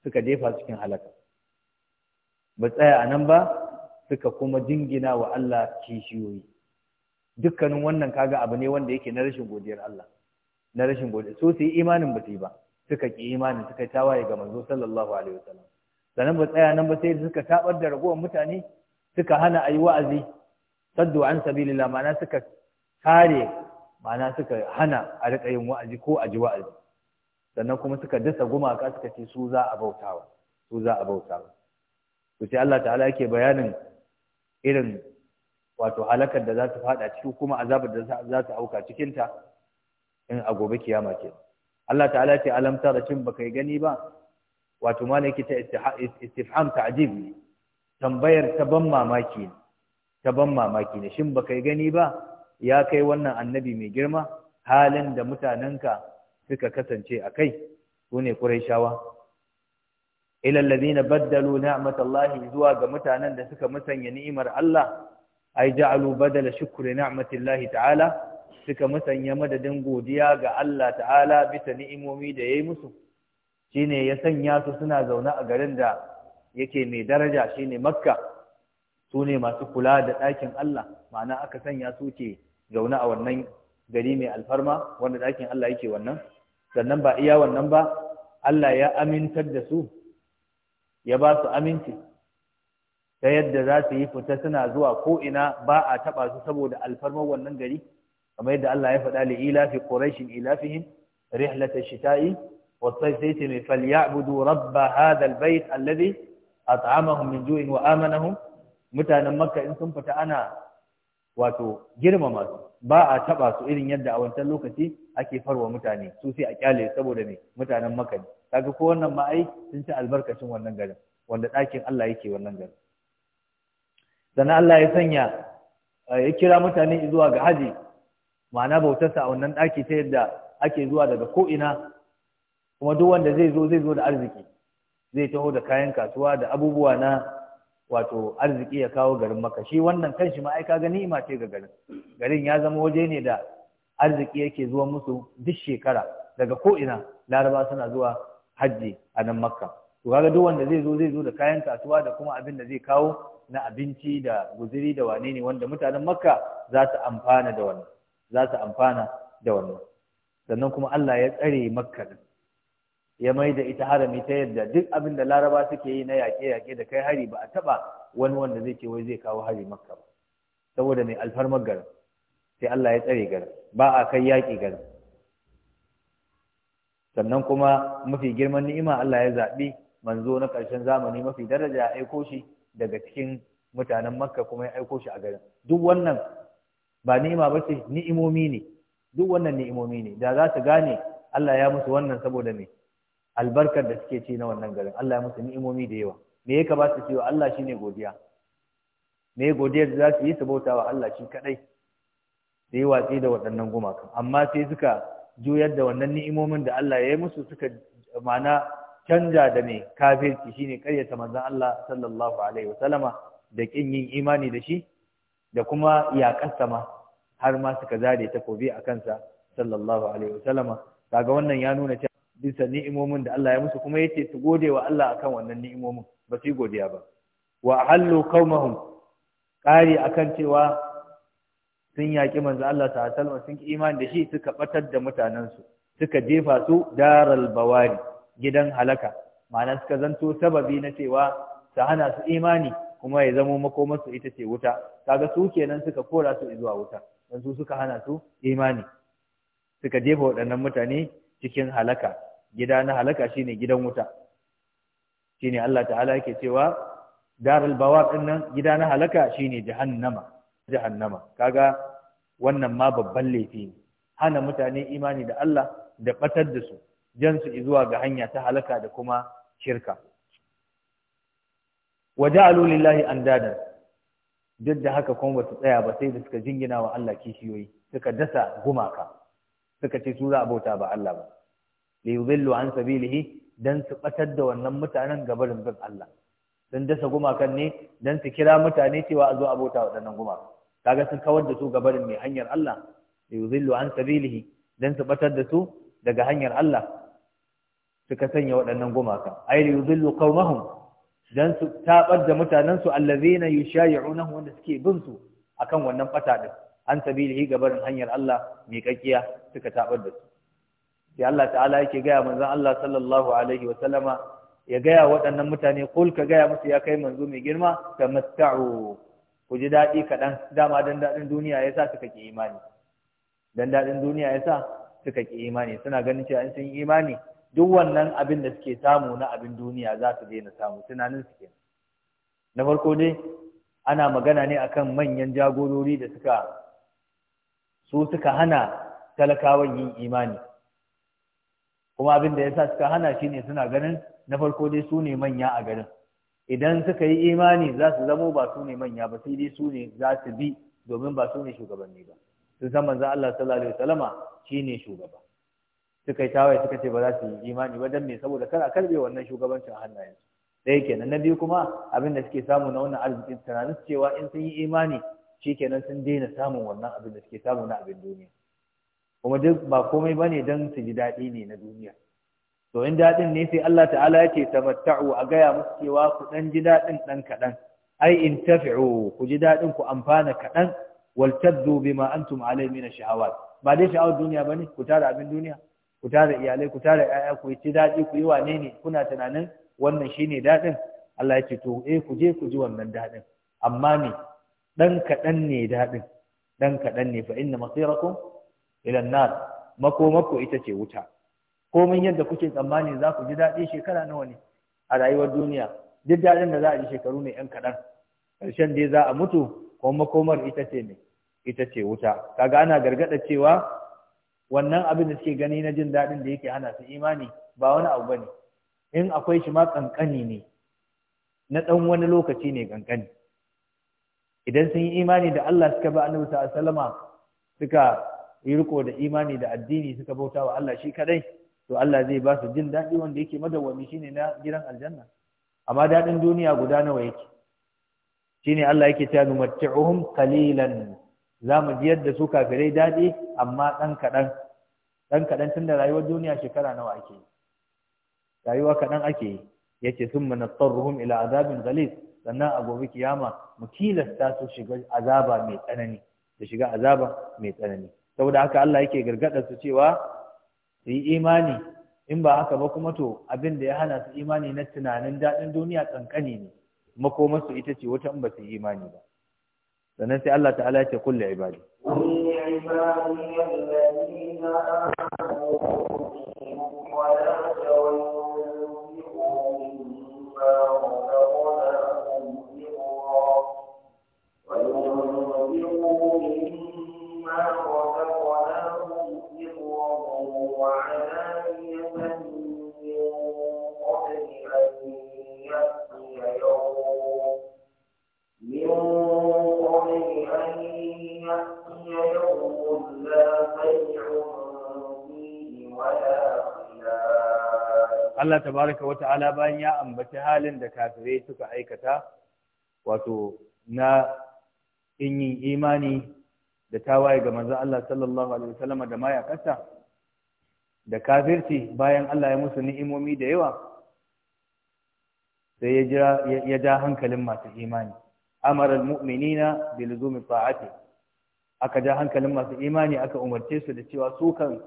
suka jefa su cikin halaka ba tsaya a nan ba suka kuma jingina wa Allah kishiyoyi dukkanin wannan kaga abu ne wanda yake na rashin godiyar Allah na rashin godiyar. so su yi imanin ba su yi ba suka ki imanin suka tawaye ga manzo sallallahu alaihi wasallam sannan ba tsaya nan ba sai suka tabar da ragowar mutane suka hana a yi wa'azi saddu an sabilillah ma'ana suka kare ma'ana suka hana a riƙa yin wa'azi ko a ji wa'azi sannan kuma suka dasa gumaka suka ce su za a bautawa su za a bautawa to sai Allah ta'ala yake bayanin irin wato halakar da za su fada ciki kuma azabar da za su auka cikinta in a gobe kiyama ke Allah ta'ala ce alam tara cin baka gani ba wato malaki ta istifham ta'jib ne tambayar ta ban mamaki ne ta ban mamaki ne shin baka gani ba ya kai wannan annabi mai girma halin da mutanenka suka kasance a kai sune ne ƙuraishawa ilal ladina baddalu ni'matallahi zuwa ga mutanen da suka musanya ni'imar Allah ai ja'alu badala shukri ni'matillahi ta'ala suka musanya madadin godiya ga Allah ta'ala bisa ni'imomi da yayi musu shine ya sanya su suna zaune a garin da yake mai daraja shine makka su ne masu kula da ɗakin Allah ma'ana aka sanya su ke zaune a wannan gari mai alfarma wanda ɗakin Allah yake wannan sannan ba iya wannan ba Allah ya amintar da su ya ba su aminci ta yadda za su yi fita suna zuwa ko ina ba a taɓa su saboda alfarmar wannan gari kamar yadda Allah ya faɗa li ilafi quraishin ilafihim rihlata shita'i wasai sai ce mai falyabudu rabba hadal bait alladhi at'amahum min ju'in wa mutanen makka in sun fita ana wato girmama ba a taba su irin yadda a wancan lokaci ake farwa mutane su a kyale saboda me mutanen makka ne kaga ko wannan ma sun ci albarkacin wannan garin wanda ɗakin Allah wannan Allah ya sanya ya kira mutane zuwa ga haji ma'ana bautarsa a wannan ɗaki ta yadda ake zuwa daga ko'ina kuma duk wanda zai zo zai zo da arziki zai taho da kayan kasuwa da abubuwa na wato arziki ya kawo garin maka shi wannan kanshi ma ai kaga ni'ima ce ga garin garin ya zama waje ne da arziki yake zuwa musu duk shekara daga ko ina laraba suna zuwa hajji a nan makka to kaga duk wanda zai zo zai zo da kayan kasuwa da kuma abin da zai kawo na abinci da guziri da wane ne wanda mutanen makka za su amfana da wannan za su amfana da wannan sannan kuma Allah ya tsare makka din ya mai da ita harami ta yadda duk abin da laraba suke yi na yaƙe-yaƙe da kai hari ba a taɓa wani wanda zai ce wai zai kawo hari makka ba saboda mai alfarmar garin sai Allah ya tsare garin ba a kai yaƙi garin sannan kuma mafi girman ni'ima Allah ya zaɓi manzo na ƙarshen zamani mafi daraja ya aiko shi daga cikin mutanen makka kuma ya aiko shi a garin duk wannan ba ni'ima ba ce ni'imomi ne duk wannan ni'imomi ne da za su gane Allah ya musu wannan saboda me albarkar da suke ci na wannan garin Allah ya musu ni'imomi da yawa me ya ba su yi wa Allah shine godiya me godiyar da za su yi su wa Allah shi kadai da yi watsi da waɗannan gumakan amma sai suka juyar da wannan ni'imomin da Allah ya yi musu suka mana canja da mai kafirci shine karyata manzon Allah sallallahu alaihi sallama da kin yin imani da shi da kuma ya kasama har ma suka zare takobi a kansa sallallahu alaihi sallama kaga wannan ya nuna bisa ni'imomin da Allah ya musu kuma yace su gode wa Allah akan wannan ni'imomin ba su yi godiya ba wa ahallu qaumahum qari akan cewa sun yaki manzo Allah ta sallama sun ki imani da shi suka batar da mutanen su suka jefa su daral bawari gidan halaka ma'ana suka zanto sababi na cewa ta hana su imani kuma ya zamo makomarsu ita ce wuta kaga su kenan suka kora su zuwa wuta dan su suka hana su imani suka jefa waɗannan mutane cikin halaka gida na halaka shine gidan wuta shine Allah ta'ala yake cewa darul bawar din nan gida na halaka shine jahannama jahannama kaga wannan ma babban laifi ne hana mutane imani da Allah da batar da su jan su zuwa ga hanya ta halaka da kuma shirka waja'alu lillahi andada duk da haka kuma ba su tsaya ba sai da suka jingina wa Allah kishiyoyi suka dasa gumaka suka ce su za a bauta ba Allah ba li yudillu an sabilihi dan su batar da wannan mutanen gabarin bin Allah sun dasa gumakan ne dan su kira mutane cewa a zo a bauta waɗannan gumaka kaga sun kawar da su gabarin mai hanyar Allah li yudillu an sabilihi dan su batar da su daga hanyar Allah suka sanya waɗannan gumaka ay li yudillu qaumahum dan su tabar da mutanen su allazina yushayi'unahu wanda suke bin su akan wannan fata din an sabilihi gabarin hanyar Allah miƙaƙiya suka tabar da su da Allah ta'ala yake gaya manzon Allah sallallahu alaihi wa sallama ya gaya waɗannan mutane kul ka gaya musu ya kai manzo mai girma tamatta'u ku ji daɗi kaɗan dama dan daɗin duniya ya sa suka ƙi imani dan daɗin duniya ya suka ƙi imani suna ganin cewa in sun imani duk wannan abin da suke samu na abin duniya za su daina samu tunanin su na farko dai ana magana ne akan manyan jagorori da suka su suka hana talakawan yin imani kuma abin da yasa suka hana shi ne suna ganin na farko dai su ne manya a garin idan suka yi imani za su zamo ba su ne manya ba sai dai su ne za su bi domin ba su ne shugabanni ba sun san manzon Allah sallallahu alaihi wasallama ne shugaba suka yi tawaye suka ce ba za su yi imani ba dan me saboda kar a karbe wannan shugabancin hannayen ɗaya kenan na biyu kuma abin da suke samu na wannan arzikin tunanin cewa in sun yi imani shikenan sun daina samun wannan abin da suke samu na abin duniya kuma duk ba komai bane dan su ji daɗi ne na duniya to in daɗin ne sai Allah ta'ala ya ce tamatta'u a gaya musu cewa ku ɗan ji daɗin ɗan kaɗan ai in tafi'u ku ji daɗin ku amfana kaɗan wal taddu bima antum alai min shahawat ba dai sha'awar duniya bane ku tara abin duniya ku tara iyalai ku tara ƴaƴa ku ci daɗi ku yi wane ne kuna tunanin wannan shine daɗin Allah ya ce to eh ku je ku ji wannan daɗin amma ne ɗan kaɗan ne daɗin ɗan kaɗan ne fa inna masirakum ilan nar makomako ita ce wuta komai yadda kuke tsammani za ku ji daɗi shekara nawa ne a rayuwar duniya duk daɗin da za a ji shekaru ne yan kaɗan ƙarshen dai za a mutu kuma makomar ita ce ne ita ce wuta kaga ana gargaɗa cewa wannan abin da suke gani na jin daɗin da yake hana su imani ba wani abu bane in akwai shi ma kankani ne na ɗan wani lokaci ne kankani idan sun yi imani da Allah suka ba annabi sallallahu alaihi wasallama suka yi riko da imani da addini suka bauta wa Allah shi kadai to Allah zai ba su jin daɗi wanda yake madawwami shine na gidan aljanna amma daɗin duniya guda nawa yake shine Allah yake cewa numatti'uhum qalilan za mu ji yadda su kafirai daɗi amma ɗan kaɗan ɗan kaɗan tun da rayuwar duniya shekara nawa ake yi rayuwa kaɗan ake yi yace summa nattaruhum ila azabin ghalis sannan a gobe kiyama mu tilasta su shiga azaba mai tsanani da shiga azaba mai tsanani saboda haka Allah yake gargada su cewa su yi imani in ba haka ba kuma to abin da ya hana su imani na tunanin daɗin duniya tsankani ne makomarsu ita ce wata in ba su yi imani ba sannan sai Allah ta'ala ya ce kullu ibadi yi Allah tabaraka wa ta'ala bayan ya ambaci halin da kafirai suka aikata wato na in yin imani da tawaye ga manzon Allah sallallahu alaihi wasallam da kasa da kafirci bayan Allah ya musu ni'imomi da yawa sai ya jira ya ja hankalin masu imani amara almu'minina bi luzumi ta'ati aka ja hankalin masu imani aka umarce su da cewa su kan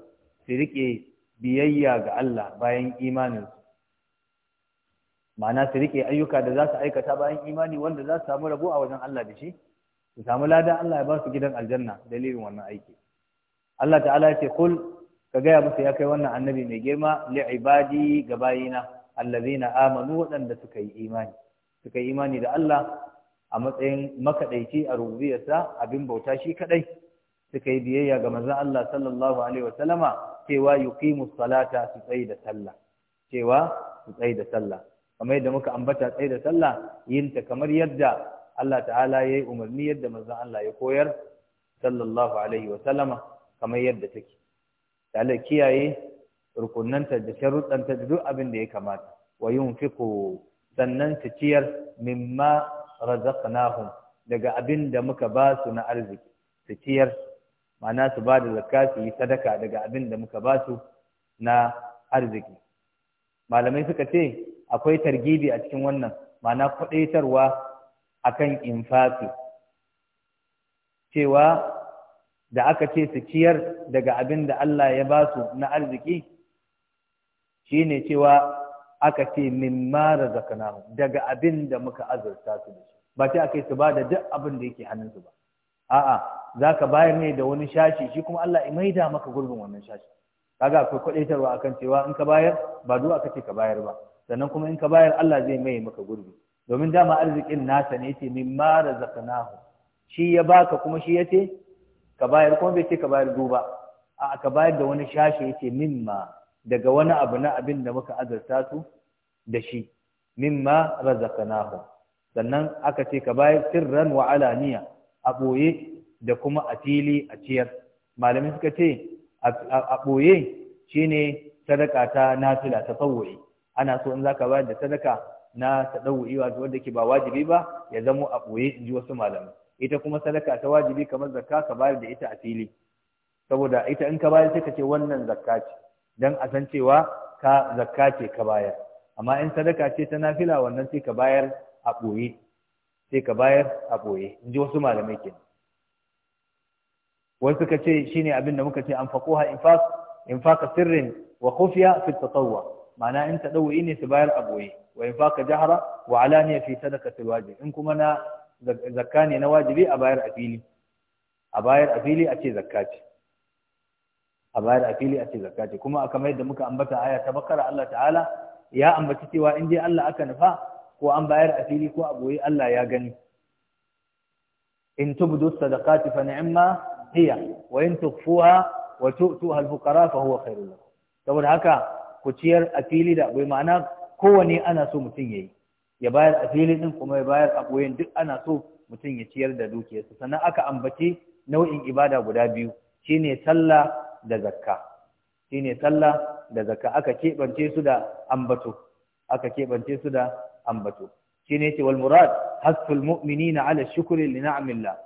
su rike biyayya ga Allah bayan imanin ma'ana su rike ayyuka da za su aikata bayan imani wanda za su samu rabo a wajen Allah da shi su samu lada Allah ya ba su gidan aljanna dalilin wannan aiki Allah ta'ala ce kul ka gaya musu ya kai wannan annabi mai girma li ibadi ga bayina allazina amanu waɗanda suka yi imani suka yi imani da Allah a matsayin makadaici a rububiyarsa abin bauta shi kadai suka yi biyayya ga manzon Allah sallallahu alaihi wa sallama cewa yuqimu salata su tsayi da sallah cewa su tsayi da sallah kamar yadda muka ambata tsayi da sallah yin ta kamar yadda Allah ta'ala yayi umarni yadda manzon Allah ya koyar sallallahu alaihi wa sallama kamar yadda take tare kiyaye rukunnanta da sharuɗanta da duk abin da ya kamata wa yunfiqu sannan su ciyar mimma razaqnahum daga abin da muka ba su na arziki su ciyar ma'ana su ba da zakka su yi sadaka daga abin da muka ba su na arziki malamai suka ce akwai targibi a cikin wannan ma'ana kwadaitarwa akan infafi cewa da aka ce su ciyar daga abin da Allah ya ba su na arziki shine cewa aka ce min mara zakana daga abin da muka azurta su ba ce aka yi su ba da duk abin da yake hannunsu ba a'a za ka bayar ne da wani shashi shi kuma Allah ya maida maka gurbin wannan shashi kaga akwai kwadaitarwa akan cewa in ka bayar ba du'a kake ka bayar ba sannan kuma in ka bayar Allah zai mai maka gurbi domin dama arzikin nasa ne yace ma razaqnahu shi ya baka kuma shi yace ka bayar kuma bai ce ka bayar duba A'a ka bayar da wani shashi yace ma daga wani abu na abin da muka azarta su da shi Min ma razaqnahu sannan aka ce ka bayar sirran wa alaniya a ɓoye da kuma a fili a ciyar malamai suka ce a ɓoye ne sadaka ta nafila ta fawwa'i ana so in za ka bayar da sadaka na tadawwi wato da ke ba wajibi ba ya zamo a ɓoye in ji wasu malamai ita kuma sadaka ta wajibi kamar zakka ka bayar da ita a fili saboda ita in ka bayar sai ka ce wannan zakka ce dan a san cewa ka zakka ce ka bayar amma in sadaka ce ta nafila wannan sai ka bayar a ɓoye sai ka bayar a boye in ji wasu malamai kenan wasu ka ce shi ne abinda muka ce an faquha infaq infaq sirrin wa khufiya fi tatawwa ma'ana in tadawi ne su bayar a boye wa infaq jahra wa alaniya fi sadaqati alwajib in kuma na zakka ne na wajibi a bayar a fili a bayar a fili a ce zakka ce a bayar a fili a ce zakka ce kuma kamar yadda muka ambata aya ta bakara Allah ta'ala ya ambaci cewa in je Allah aka nufa ko an bayar a fili ko a Allah ya gani in tubdu sadaqati fa ni'ma hiya wa in tukhfuha wa tu'tuha al-fuqara fa huwa khairul lakum saboda haka ku ciyar a fili da boye ma'ana kowane ana so mutum yayi ya bayar a fili din kuma ya bayar a duk ana so mutum ya ciyar da dukiyarsa sannan aka ambaci nau'in ibada guda biyu shine sallah da zakka shine sallah da zakka aka keɓance su da ambato aka keɓance su da ambato shine yace wal murad hasful na ala shukri li ni'amillah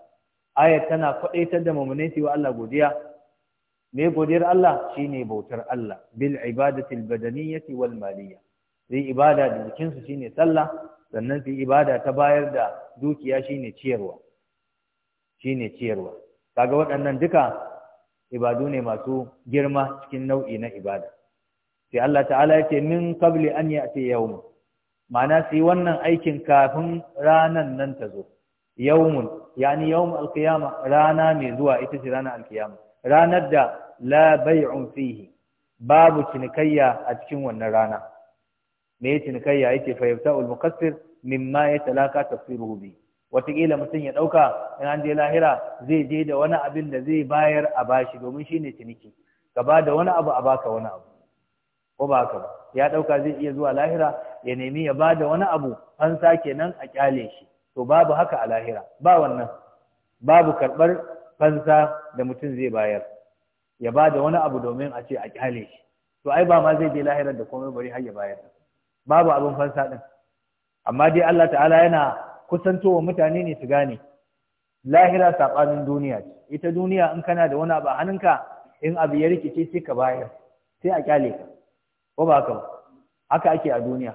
ayat tana faɗaitar da mu'minai wa Allah godiya me godiyar Allah ne bautar Allah bil ibadati al badaniyyati wal maliyya zai ibada da jikinsu ne sallah sannan su ibada ta bayar da dukiya ne ciyarwa shine ciyarwa kaga waɗannan duka ibadu ne masu girma cikin nau'i na ibada sai Allah ta'ala yake min qabli an ya'ti yawm ma'ana su yi wannan aikin kafin ranan nan ta zo yawmun yani yawmun rana mai zuwa ita ce ranar alkiyama. ranar da la bai'un fihi babu cinikayya a cikin wannan rana me cinikayya yake fa yabta'ul muqassir mimma yatalaka tafsiruhu bi wataƙila mutum ya ɗauka in an je lahira zai je da wani abin da zai bayar a bashi domin shi ne ciniki ka ba da wani abu a baka wani abu ko ba haka ba ya ɗauka zai iya zuwa lahira ya nemi ya ba da wani abu an sake nan a kyale shi to babu haka a lahira ba wannan babu karɓar fansa da mutum zai bayar ya ba da wani abu domin a ce a kyale shi to ai ba ma zai je lahirar da komai bari har ya bayar babu abin fansa ɗin. amma dai Allah ta'ala yana kusantowa mutane ne su gane lahira saɓanin duniya ce ita duniya in kana da wani abu a hannunka in abu ya rikice sai ka bayar sai a kyale ka ko ba haka ba haka ake a duniya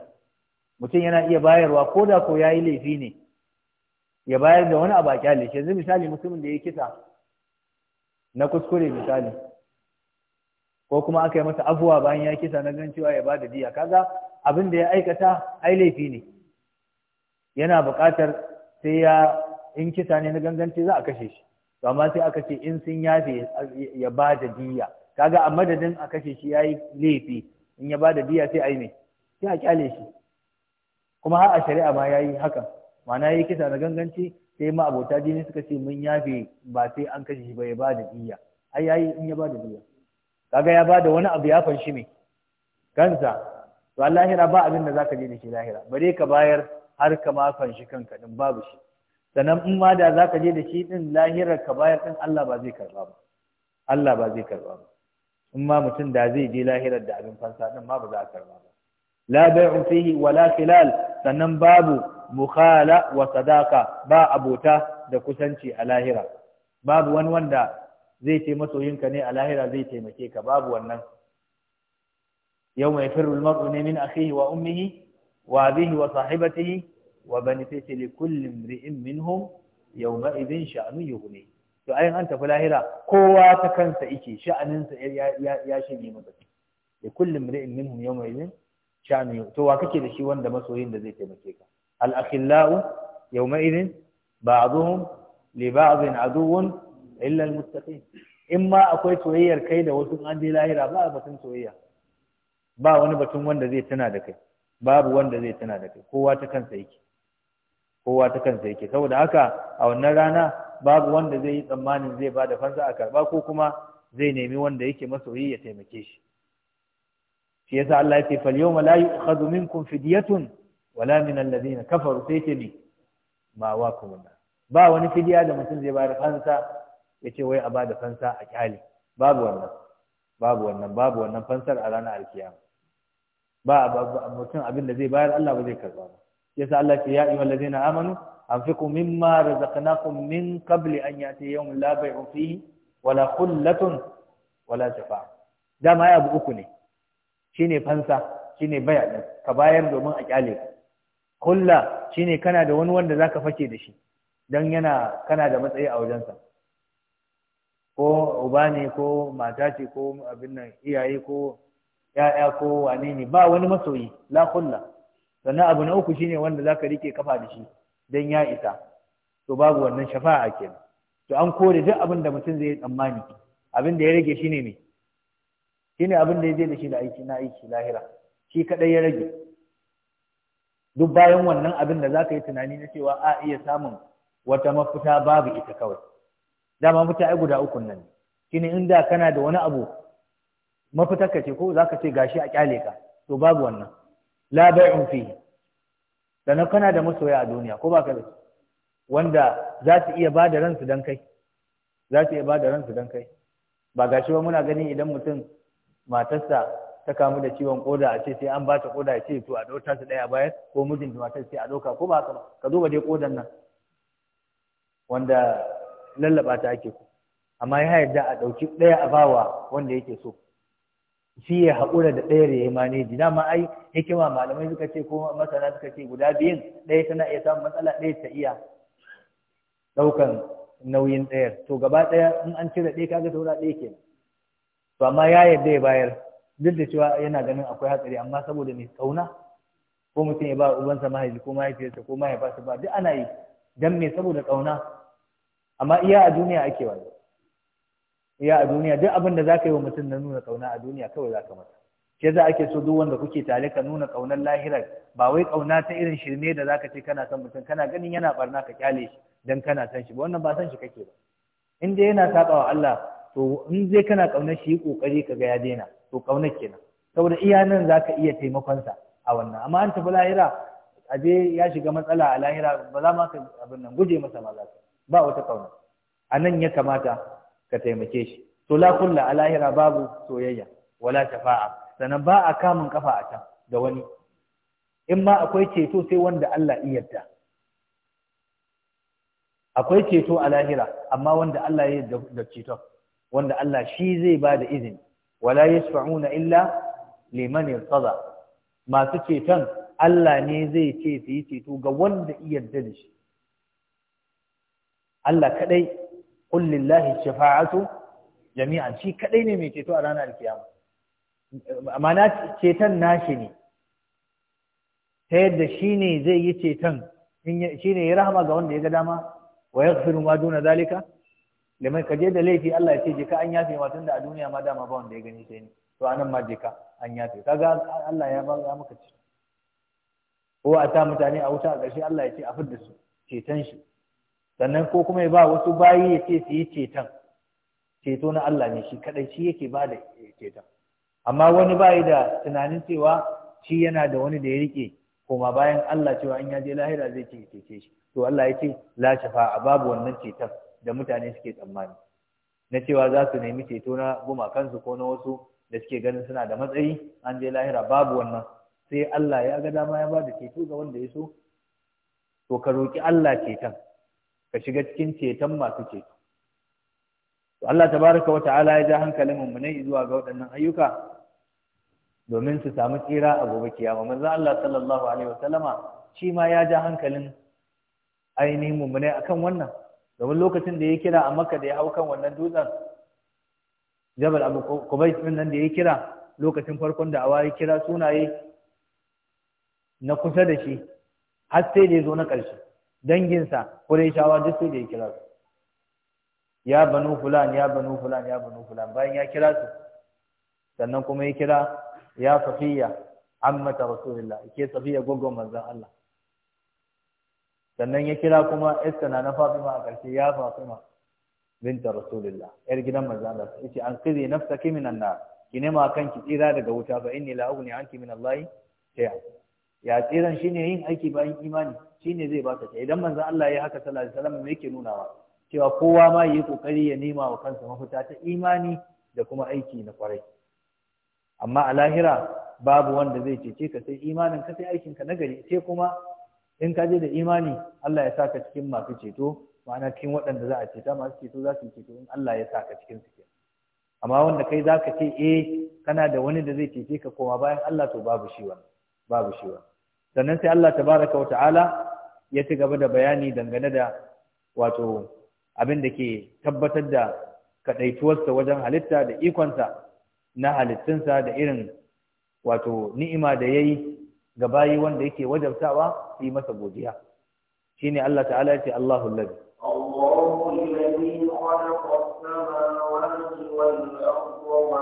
mutum yana iya bayarwa ko da ko ya yi laifi ne ya bayar da wani abu a kyale shi yanzu misali mutumin da ya kisa na kuskure misali ko kuma aka yi masa afuwa bayan ya kisa na gan cewa ya ba da diya kaga abin da ya aikata ai laifi ne yana buƙatar sai ya in kisa ne na ganganci za a kashe shi to amma sai aka ce in sun yafe ya ba da diya kaga a madadin a kashe shi yayi laifi in ya bada diya sai a yi mai sai a kyale shi kuma har a shari'a ma ya yi haka ma'ana ya kisa na ganganci sai ma abota jini suka ce mun yafe ba sai an kashe shi ba ya bada diya ai yayi in ya bada diya kaga ya bada wani abu ya fanshi mai kansa to lahira ba abin da zaka je da shi lahira bare ka bayar har ka ma fanshi kanka din babu shi sannan in ma da zaka je da shi din lahirar ka bayar din Allah ba zai karba ba Allah ba zai karba ba in ma mutum da zai je lahirar da abin fansa din ma ba za a karba ba la bai'u fihi wala khilal sannan babu mukhala wa sadaka ba abota da kusanci a lahira babu wani wanda zai ce masoyinka ne a lahira zai taimake ka babu wannan yau mai al-mar'u min akhihi wa ummihi wa abihi wa sahibatihi wa bani fi li kulli imri'in minhum yawma idhin sha'nu yughnihi to ayin an tafi lahira kowa ta kansa ike sha'aninsa ya shige masa da kullum mri'in minhum yawma idin sha'ani to wa kake da shi wanda masoyin da zai taimake ka al akhillau yawma idin ba'dhum li ba'dhin aduwwun illa al muttaqin in ma akwai soyayyar kai da wasu an je lahira ba a batun soyayya ba wani batun wanda zai tana da kai babu wanda zai tana da kai kowa ta kansa yake kowa ta kansa yake saboda haka a wannan rana babu wanda zai yi tsammanin zai ba da fansa a karba ko kuma zai nemi wanda yake masoyi ya taimake shi shi yasa Allah yake fal yawma la yu'khadhu minkum fidyatun wala min alladhina kafaru ni ma wa kuma ba wani fidiya da mutum zai ba da fansa yace wai a ba da fansa a kyale babu wannan babu wannan babu wannan fansar a ranar alkiyama ba mutum abin da zai bayar Allah ba zai karba ba yasa Allah ya yi wallazina amanu anfiku mimma razaqnakum min qabli an yati yawm la bay'u fihi wala khullatun wala shafa dama ya abu uku ne shine fansa shine baya din ka bayar domin a kyale kulla shine kana da wani wanda zaka fake da shi dan yana kana da matsayi a wajensa ko uba ne ko mata ce ko abin nan iyaye ko ya'ya ko wane ne ba wani masoyi la kulla sannan abu na uku shine wanda zaka rike kafa da shi dan ya isa to babu wannan shafa'a kenan to an kore duk abin da mutum zai tsammani abin da ya rage shine me shine abin da ya je da shi da aiki na aiki lahira shi kadai ya rage duk bayan wannan abin da zaka yi tunani na cewa a iya samun wata mafita babu ita kawai dama mafita ai guda uku nan shine inda kana da wani abu mafitar ka ce ko zaka ce gashi a kyale ka to babu wannan la bai'un fihi sannan kana da masoya a duniya ko ba ka da wanda za su iya ba da ransu don kai za su iya ba da ransu don kai ba gashi ba muna gani idan mutum matarsa ta kamu da ciwon koda a ce sai an bata koda a ce to a ɗauka su ɗaya bayan ko mijin da matar sai a ɗauka ko ba ba ka ba dai kodan nan wanda lallaba ta ake amma ya yarda a ɗauki ɗaya a bawa wanda yake so shi ya haƙura da ɗayar ya yi maneji dama ai hikima malamai suka ce ko masana suka ce guda biyun ɗaya tana iya samun matsala ɗaya ta iya ɗaukan nauyin ɗayar to gaba ɗaya in an cire ɗaya kaga saura ɗaya ke to amma ya yadda ya bayar duk da cewa yana ganin akwai hatsari amma saboda mai kauna ko mutum ya ba ubansa mahaifi ko mahaifiyarsa ko mahaifarsa ba duk ana yi dan me saboda kauna amma iya a duniya ake wani. iya a duniya duk abin da za ka yi wa mutum na nuna ƙauna a duniya kawai za ka mata ke za ake so duk wanda kuke tare ka nuna ƙaunar lahira ba wai ƙauna ta irin shirme da za ka ce kana son mutum kana ganin yana barna ka kyale shi don kana son shi ba wannan ba son shi kake ba in dai yana saɓa wa Allah to in zai kana ƙaunar shi yi ƙoƙari ka ga ya daina to ƙaunar kenan saboda iya nan za ka iya taimakonsa a wannan amma an tafi lahira a je ya shiga matsala a lahira ba za ma ka abin nan guje masa ma za ba wata ƙauna a nan ya kamata ka taimake shi to la kulla a lahira babu soyayya wala shafa'a sannan ba a kamun kafa a can da wani in ma akwai ceto sai wanda Allah yarda akwai ceto a lahira amma wanda Allah ya da ceton wanda Allah shi zai ba da izini wala yashfa'una illa liman irtada masu ceton Allah ne zai ce su yi ceto ga wanda yarda da shi Allah kadai qul lillahi shafa'atu jami'an shi kadai ne mai ceto a ranar alkiyama amma na ceton nashi ne ta yadda shi ne zai yi ceton shi ne ya rahama ga wanda ya ga dama wa ya firu ma duna zalika liman ka je da laifi Allah ya ce jika an yafe ma tunda a duniya ma dama ba wanda ya gani sai ni to anan ma jika an yafe kaga Allah ya ba ya maka ci ko a ta mutane a wuta a ƙarshe Allah ya ce a fidda su ceton shi sannan ko kuma ya ba wasu bayi ya ce su yi ceton ceto na Allah ne shi kaɗai shi yake ba da ceton amma wani bayi da tunanin cewa shi yana da wani da ya rike koma bayan Allah cewa in ya je lahira zai ce cece shi to Allah ya ce la a babu wannan ceton da mutane suke tsammani na cewa za su nemi ceto na gumakansu ko na wasu da suke ganin suna da matsayi an je lahira babu wannan sai Allah ya ga dama ya ba da ceto ga wanda ya so to ka roki Allah ceton ka shiga cikin ceton masu ceto to Allah tabaraka wa ta'ala ya ja hankalin mummunai zuwa ga waɗannan ayyuka domin su samu tsira a gobe kiyama manzo Allah sallallahu alaihi wa sallama shi ma ya ja hankalin ainihin mummunai akan wannan domin lokacin da ya kira a Makka da ya hau kan wannan dutsen Jabal Abu Qubais din nan da ya kira lokacin farkon da awa ya kira sunaye na kusa da shi har sai da ya zo na ƙarshe danginsa Qurayshawa duk sai da ya kira su ya banu fulan ya banu fulan ya banu fulan bayan ya kira su sannan kuma ya kira ya safiya ammata rasulullah ke safiya gogon manzon Allah sannan ya kira kuma istana na Fatima a karshe ya Fatima binta rasulullah yar gidan manzon Allah yace an qizi nafsaki minan nar ki nema kanki tsira daga wuta fa inni la ughni anki min Allah shay'a ya tsiran shine yin aiki bayan imani Shi ne zai baka ta idan manzo Allah ya haka sallallahu alaihi wasallam me yake nunawa cewa kowa ma yi kokari ya nema wa kansa mafita ta imani da kuma aiki na kwarai amma a lahira babu wanda zai cece ka sai imanin ka sai aikin ka nagari sai kuma in ka je da imani Allah ya ka cikin masu ceto ma'ana cikin waɗanda za a ceta masu ceto za su ceto in Allah ya saka cikin su amma wanda kai za ka ce eh kana da wani da zai cece ka koma bayan Allah to babu shi wannan babu shi wannan sannan sai Allah tabaraka wa ta'ala ya ci gaba da bayani dangane da wato abin da ke tabbatar da kadaituwarsa wajen halitta da ikonsa na halittunsa da irin wato ni'ima da yayi ga bayi wanda yake wajabtawa yi masa godiya ne Allah ta'ala ya ce Allahu allazi Allahu allazi khalaqa as-samawati wal wa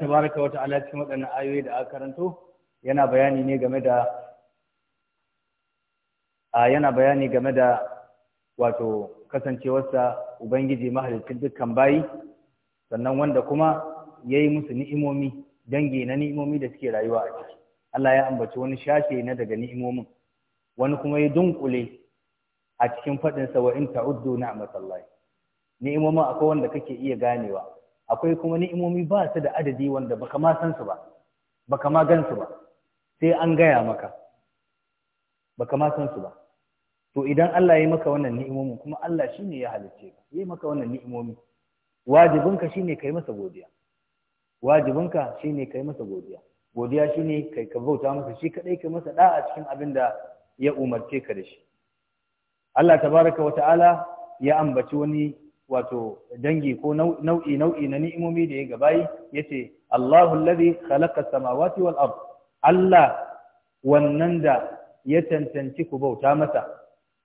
tabaraka wata ala cikin waɗannan ayoyi da aka karanto yana bayani ne game da a yana bayani game da wato kasancewarsa ubangiji mahalicin dukkan bayi sannan wanda kuma ya yi musu ni'imomi dangi na ni'imomi da suke rayuwa a ciki Allah ya ambaci wani shashe na daga ni'imomin wani kuma ya dunkule a cikin faɗinsa wa in ta'uddu ni'matallahi ni'imomin akwai wanda kake iya ganewa akwai kuma ni'imomi ba su da adadi wanda baka ma san su ba baka ma gan su ba sai an gaya maka baka ma san su ba to idan Allah ya yi maka wannan ni'imomin kuma Allah shine ya halicce ka ya maka wannan ni'imomi wajibinka shine kai masa godiya wajibinka shine kai masa godiya godiya shine kai ka bauta masa shi kadai kai masa da'a cikin abin da ya umarce ka da shi Allah tabaraka wa ta'ala ya ambaci wani wato dangi ko nau'i nau'i na ni'imomi da ya gabayi yace Allahu allazi khalaqa samawati wal ard Allah wannan da ya tantanci ku bauta masa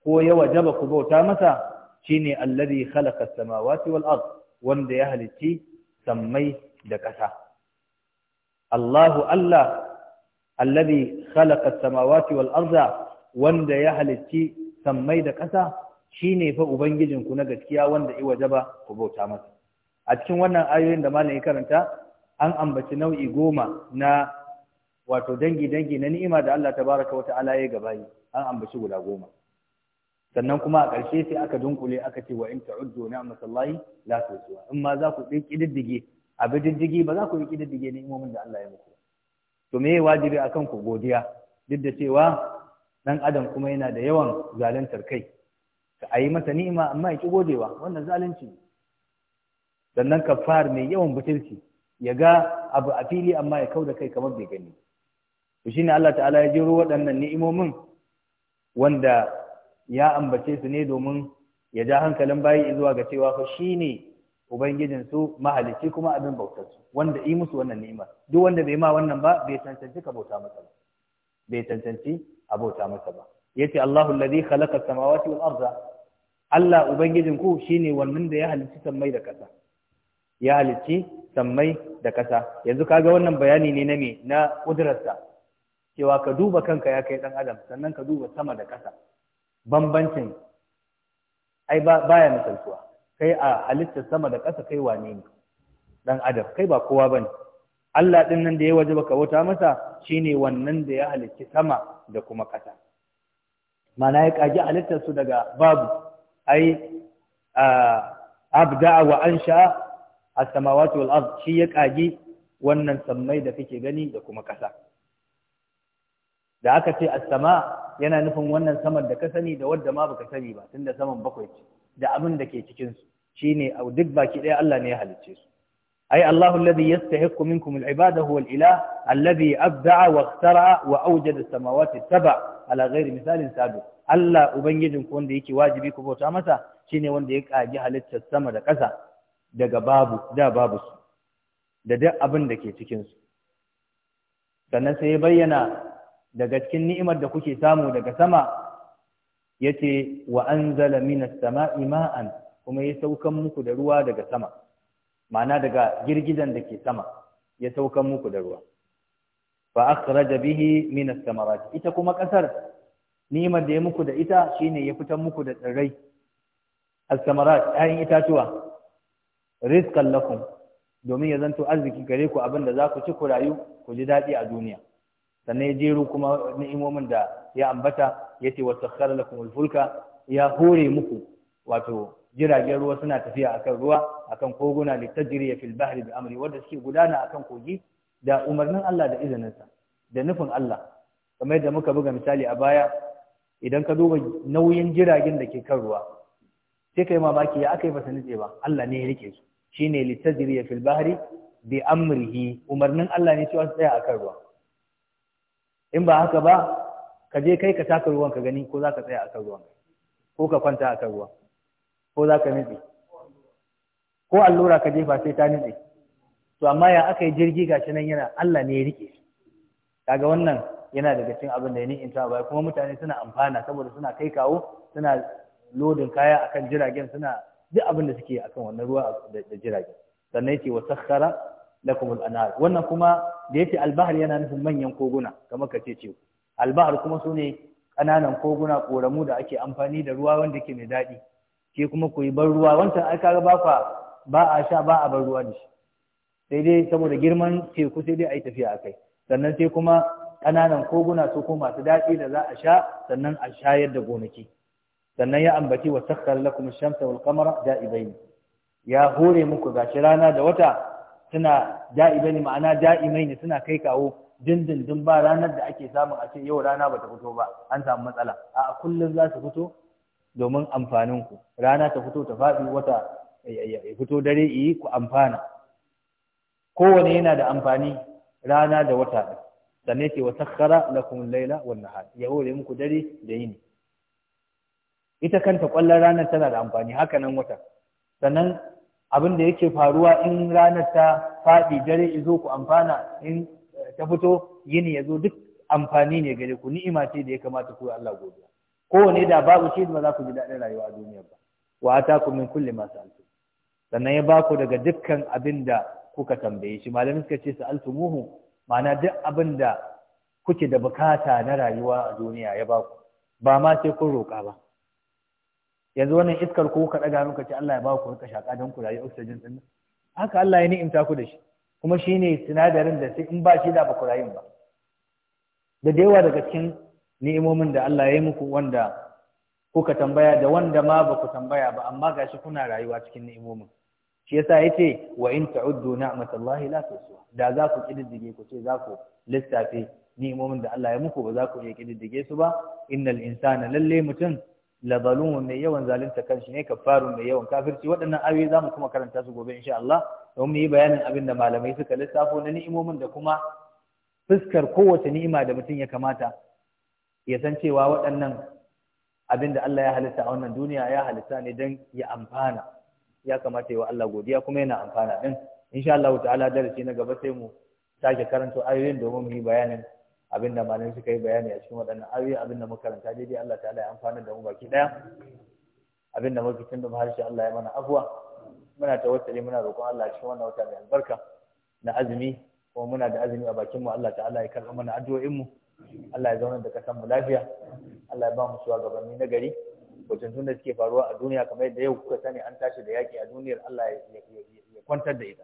ko ya wajaba ku bauta masa shine allazi khalaqa samawati wal ard wanda ya halitti sammai da ƙasa Allahu Allah allazi khalaqa samawati wal arda wanda ya halitti sammai da ƙasa Shi ne fa ubangijinku na gaskiya wanda i jaba ku bauta masa a cikin wannan ayoyin da malam ya karanta an ambaci nau'i goma na wato dangi dangi na ni'ima da Allah Ta baraka wata ta'ala ya yi, an ambaci guda goma sannan kuma a ƙarshe sai aka dunkule aka ce wa in ta'uddu ni'matallahi la tuhsuha in ma za ku yi kididdige a bididdige ba za ku yi kididdige ni'imomin da Allah ya muku to me wajibi akan ku godiya duk da cewa dan adam kuma yana da yawan zaluntar kai a yi masa ni'ima amma ya ki godewa wannan zalunci sannan kafar mai yawan butulci ya ga abu a fili amma ya da kai kamar bai gani to shine Allah ta'ala ya jiro waɗannan ni'imomin wanda ya ambace su ne domin ya ja hankalin bayi zuwa ga cewa fa shine ubangijin su mahalicci kuma abin bautar su wanda yi musu wannan ni'ima duk wanda bai ma wannan ba bai tantance ka bauta masa ba bai tantance a bauta masa ba yace Allahu alladhi khalaqa samawati wal arda Allah ubangijin ku ne wannan da ya halicci sammai da ƙasa ya halicci sammai da ƙasa yanzu kaga wannan bayani ne na me na kudurarsa cewa ka duba kanka ya kai ɗan adam sannan ka duba sama da ƙasa bambancin ai ba ya misaltuwa kai a halittar sama da ƙasa kai wane ne Ɗan adam kai ba kowa ba ne. Allah ɗin nan da ya waje baka wuta masa shi ne wannan da ya halicci sama da kuma ƙasa. Mana ya halittar halittarsu daga babu, ai abda wa ansha as-samawati wal ard shi ya kage wannan sammai da kake gani da kuma kasa da aka ce as-sama yana nufin wannan saman da ka sani da wanda ma baka sani ba tunda saman bakwai ce da abin da ke cikin su Shi shine duk baki ɗaya Allah ne ya halicce su ai Allahu alladhi yastahiqqu minkum al-ibada huwa al-ilah alladhi abda'a wa wa awjada da samawati as-sab'a ala ghairi misalin sabiq Allah ubangijin ku wanda yake wajibi ku bauta masa shi ne wanda ya kagi halittar sama da ƙasa daga babu da babu su da duk abin da ke cikinsu. su sannan sai ya bayyana daga cikin ni'imar da kuke samu daga sama ya ce, wa anzala minas sama'i ma'an kuma ya saukan muku da ruwa daga sama ma'ana daga girgizan da ke sama ya saukan muku da ruwa fa akhraja bihi minas samarati, ita kuma ƙasar. ni'imar da ya muku da ita shine ya fitar muku da tsirrai al-samarat 'ya'yan itatuwa rizqan lakum domin ya zanto arziki gare ku abin da za ku ci ku rayu ku ji daɗi a duniya sannan ya jeru kuma ni'imomin da ya ambata ya ce wasu lakum fulka ya hore muku wato jiragen ruwa suna tafiya akan ruwa akan koguna litajriya fil bahri da amri wadda suke gudana akan kogi da umarnin Allah da izininsa da nufin Allah kamar yadda muka buga misali a baya idan ka duba nauyin jiragen da ke kan ruwa sai kai mamaki ya aka yi basa nutse ba Allah ne ya rike su shine litajriya fil bahri bi amrihi umarnin Allah ne cewa su tsaya akan ruwa in ba haka ba ka je kai ka taka ruwan ka gani ko za ka tsaya akan ruwan ko ka kwanta akan ruwa ko za ka nitse. ko allura ka jefa sai ta nitse. to amma ya aka yi jirgi gashi nan yana Allah ne ya rike kaga wannan yana daga cikin abin da ya ni'inta baya kuma mutane suna amfana saboda suna kai kawo suna lodin kaya akan jiragen suna duk abin da suke akan wannan ruwa da jiragen sannan yake wa sakhara lakum al-anhar wannan kuma da yake al-bahr yana nufin manyan koguna kamar kace ce al-bahr kuma sune kananan koguna koramu da ake amfani da ruwa wanda yake mai dadi ke kuma koyi bar ruwa wancan ai kaga ba fa ba a sha ba a bar ruwa da shi sai dai saboda girman teku sai dai ayi tafiya akai sannan sai kuma ƙananan koguna su ko masu daɗi da za a sha sannan a shayar da gonaki sannan ya ambaci wa sakkar lakum shamsa wal qamara da'ibaini ya hore muku gashi rana da wata suna da'ibaini ma'ana da'imaini suna kai kawo dindindin ba ranar da ake samu a ce yau rana bata fito ba an samu matsala a kullum za su fito domin amfanin ku rana ta fito ta faɗi wata ya fito dare yi ku amfana kowane yana da amfani rana da wata sannan ce wa takara lakum al-laila wan nahar ya hore muku dare da yini ita kanta kwallon ranar tana da amfani haka nan wata sannan abin da yake faruwa in ranar ta faɗi dare izo ku amfana in eh, ta fito yini yazo duk amfani ne gare ku ni'ima ce da ya kamata ku Allah godiya kowane da babu shi ba za ku ji daɗin rayuwa a duniya ba wa ataku min kulli ma sa'altu sannan ya baku daga dukkan abin da kuka tambaye shi malamin suka ce sa'altumuhu ma'ana duk abin da kuke da bukata na rayuwa a duniya ya ba ku ba ma sai kun roƙa ba yanzu wannan iskar ko ka daga muka ce Allah ya ba ku rika shaka don ku rayu oxygen din haka Allah ya ni'imta ku da shi kuma shine sinadarin da sai in ba shi da ba ku rayu ba da yawa daga cikin ni'imomin da Allah ya yi muku wanda kuka tambaya da wanda ma ba ku tambaya ba amma gashi kuna rayuwa cikin ni'imomin shi yasa yace wa in ta'uddu ni'matallahi la tuhsuha da za ku kididdige ku ce za ku lissafe ni'imomin da Allah ya muku ba za ku iya kididdige su ba innal insana lalle mutum la zalumun mai yawan zalunta kanshi ne kafarun mai yawan kafirci waɗannan ayoyi za mu kuma karanta su gobe insha Allah don mu yi bayanin abin da malamai suka lissafo na ni'imomin da kuma fuskar kowace ni'ima da mutum ya kamata ya san cewa waɗannan abin da Allah ya halitta a wannan duniya ya halitta ne don ya amfana ya kamata yi wa Allah godiya kuma yana amfana din insha Allah ta'ala darasi na gaba sai mu sake karanta ayoyin domin mu yi bayanin abin da suka yi bayani a cikin waɗannan ayoyi abin da makaranta daidai Allah ta'ala ya amfana da mu baki ɗaya abin da muke tun da harshe Allah ya mana afuwa muna tawassuli muna roƙon Allah cikin wannan wata mai albarka na azumi kuma muna da azumi a bakin mu Allah ta'ala ya karɓa mana addu'o'in mu Allah ya zauna da kasan mu lafiya Allah ya ba mu shugabanni na gari fitintun da suke faruwa a duniya kamar yadda yau kuka sani an tashi da yaƙi a duniyar Allah ya kwantar da ita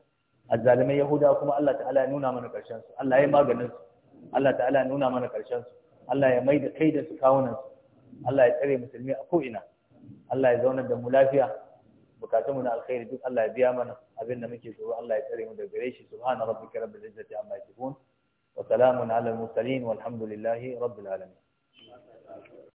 azzalimai yahuda kuma Allah ta'ala ya nuna mana karshen su Allah ya maganin su Allah ta'ala ya nuna mana karshen su Allah ya da kai da su kawunan su Allah ya tsare musulmi a ko'ina Allah ya zaunar da mu lafiya bukatunmu na alkhairi duk Allah ya biya mana abin da muke tsoro Allah ya tsare mu daga gare shi subhana rabbika rabbil izzati amma yasifun wa salamun ala al mursalin walhamdulillahi rabbil alamin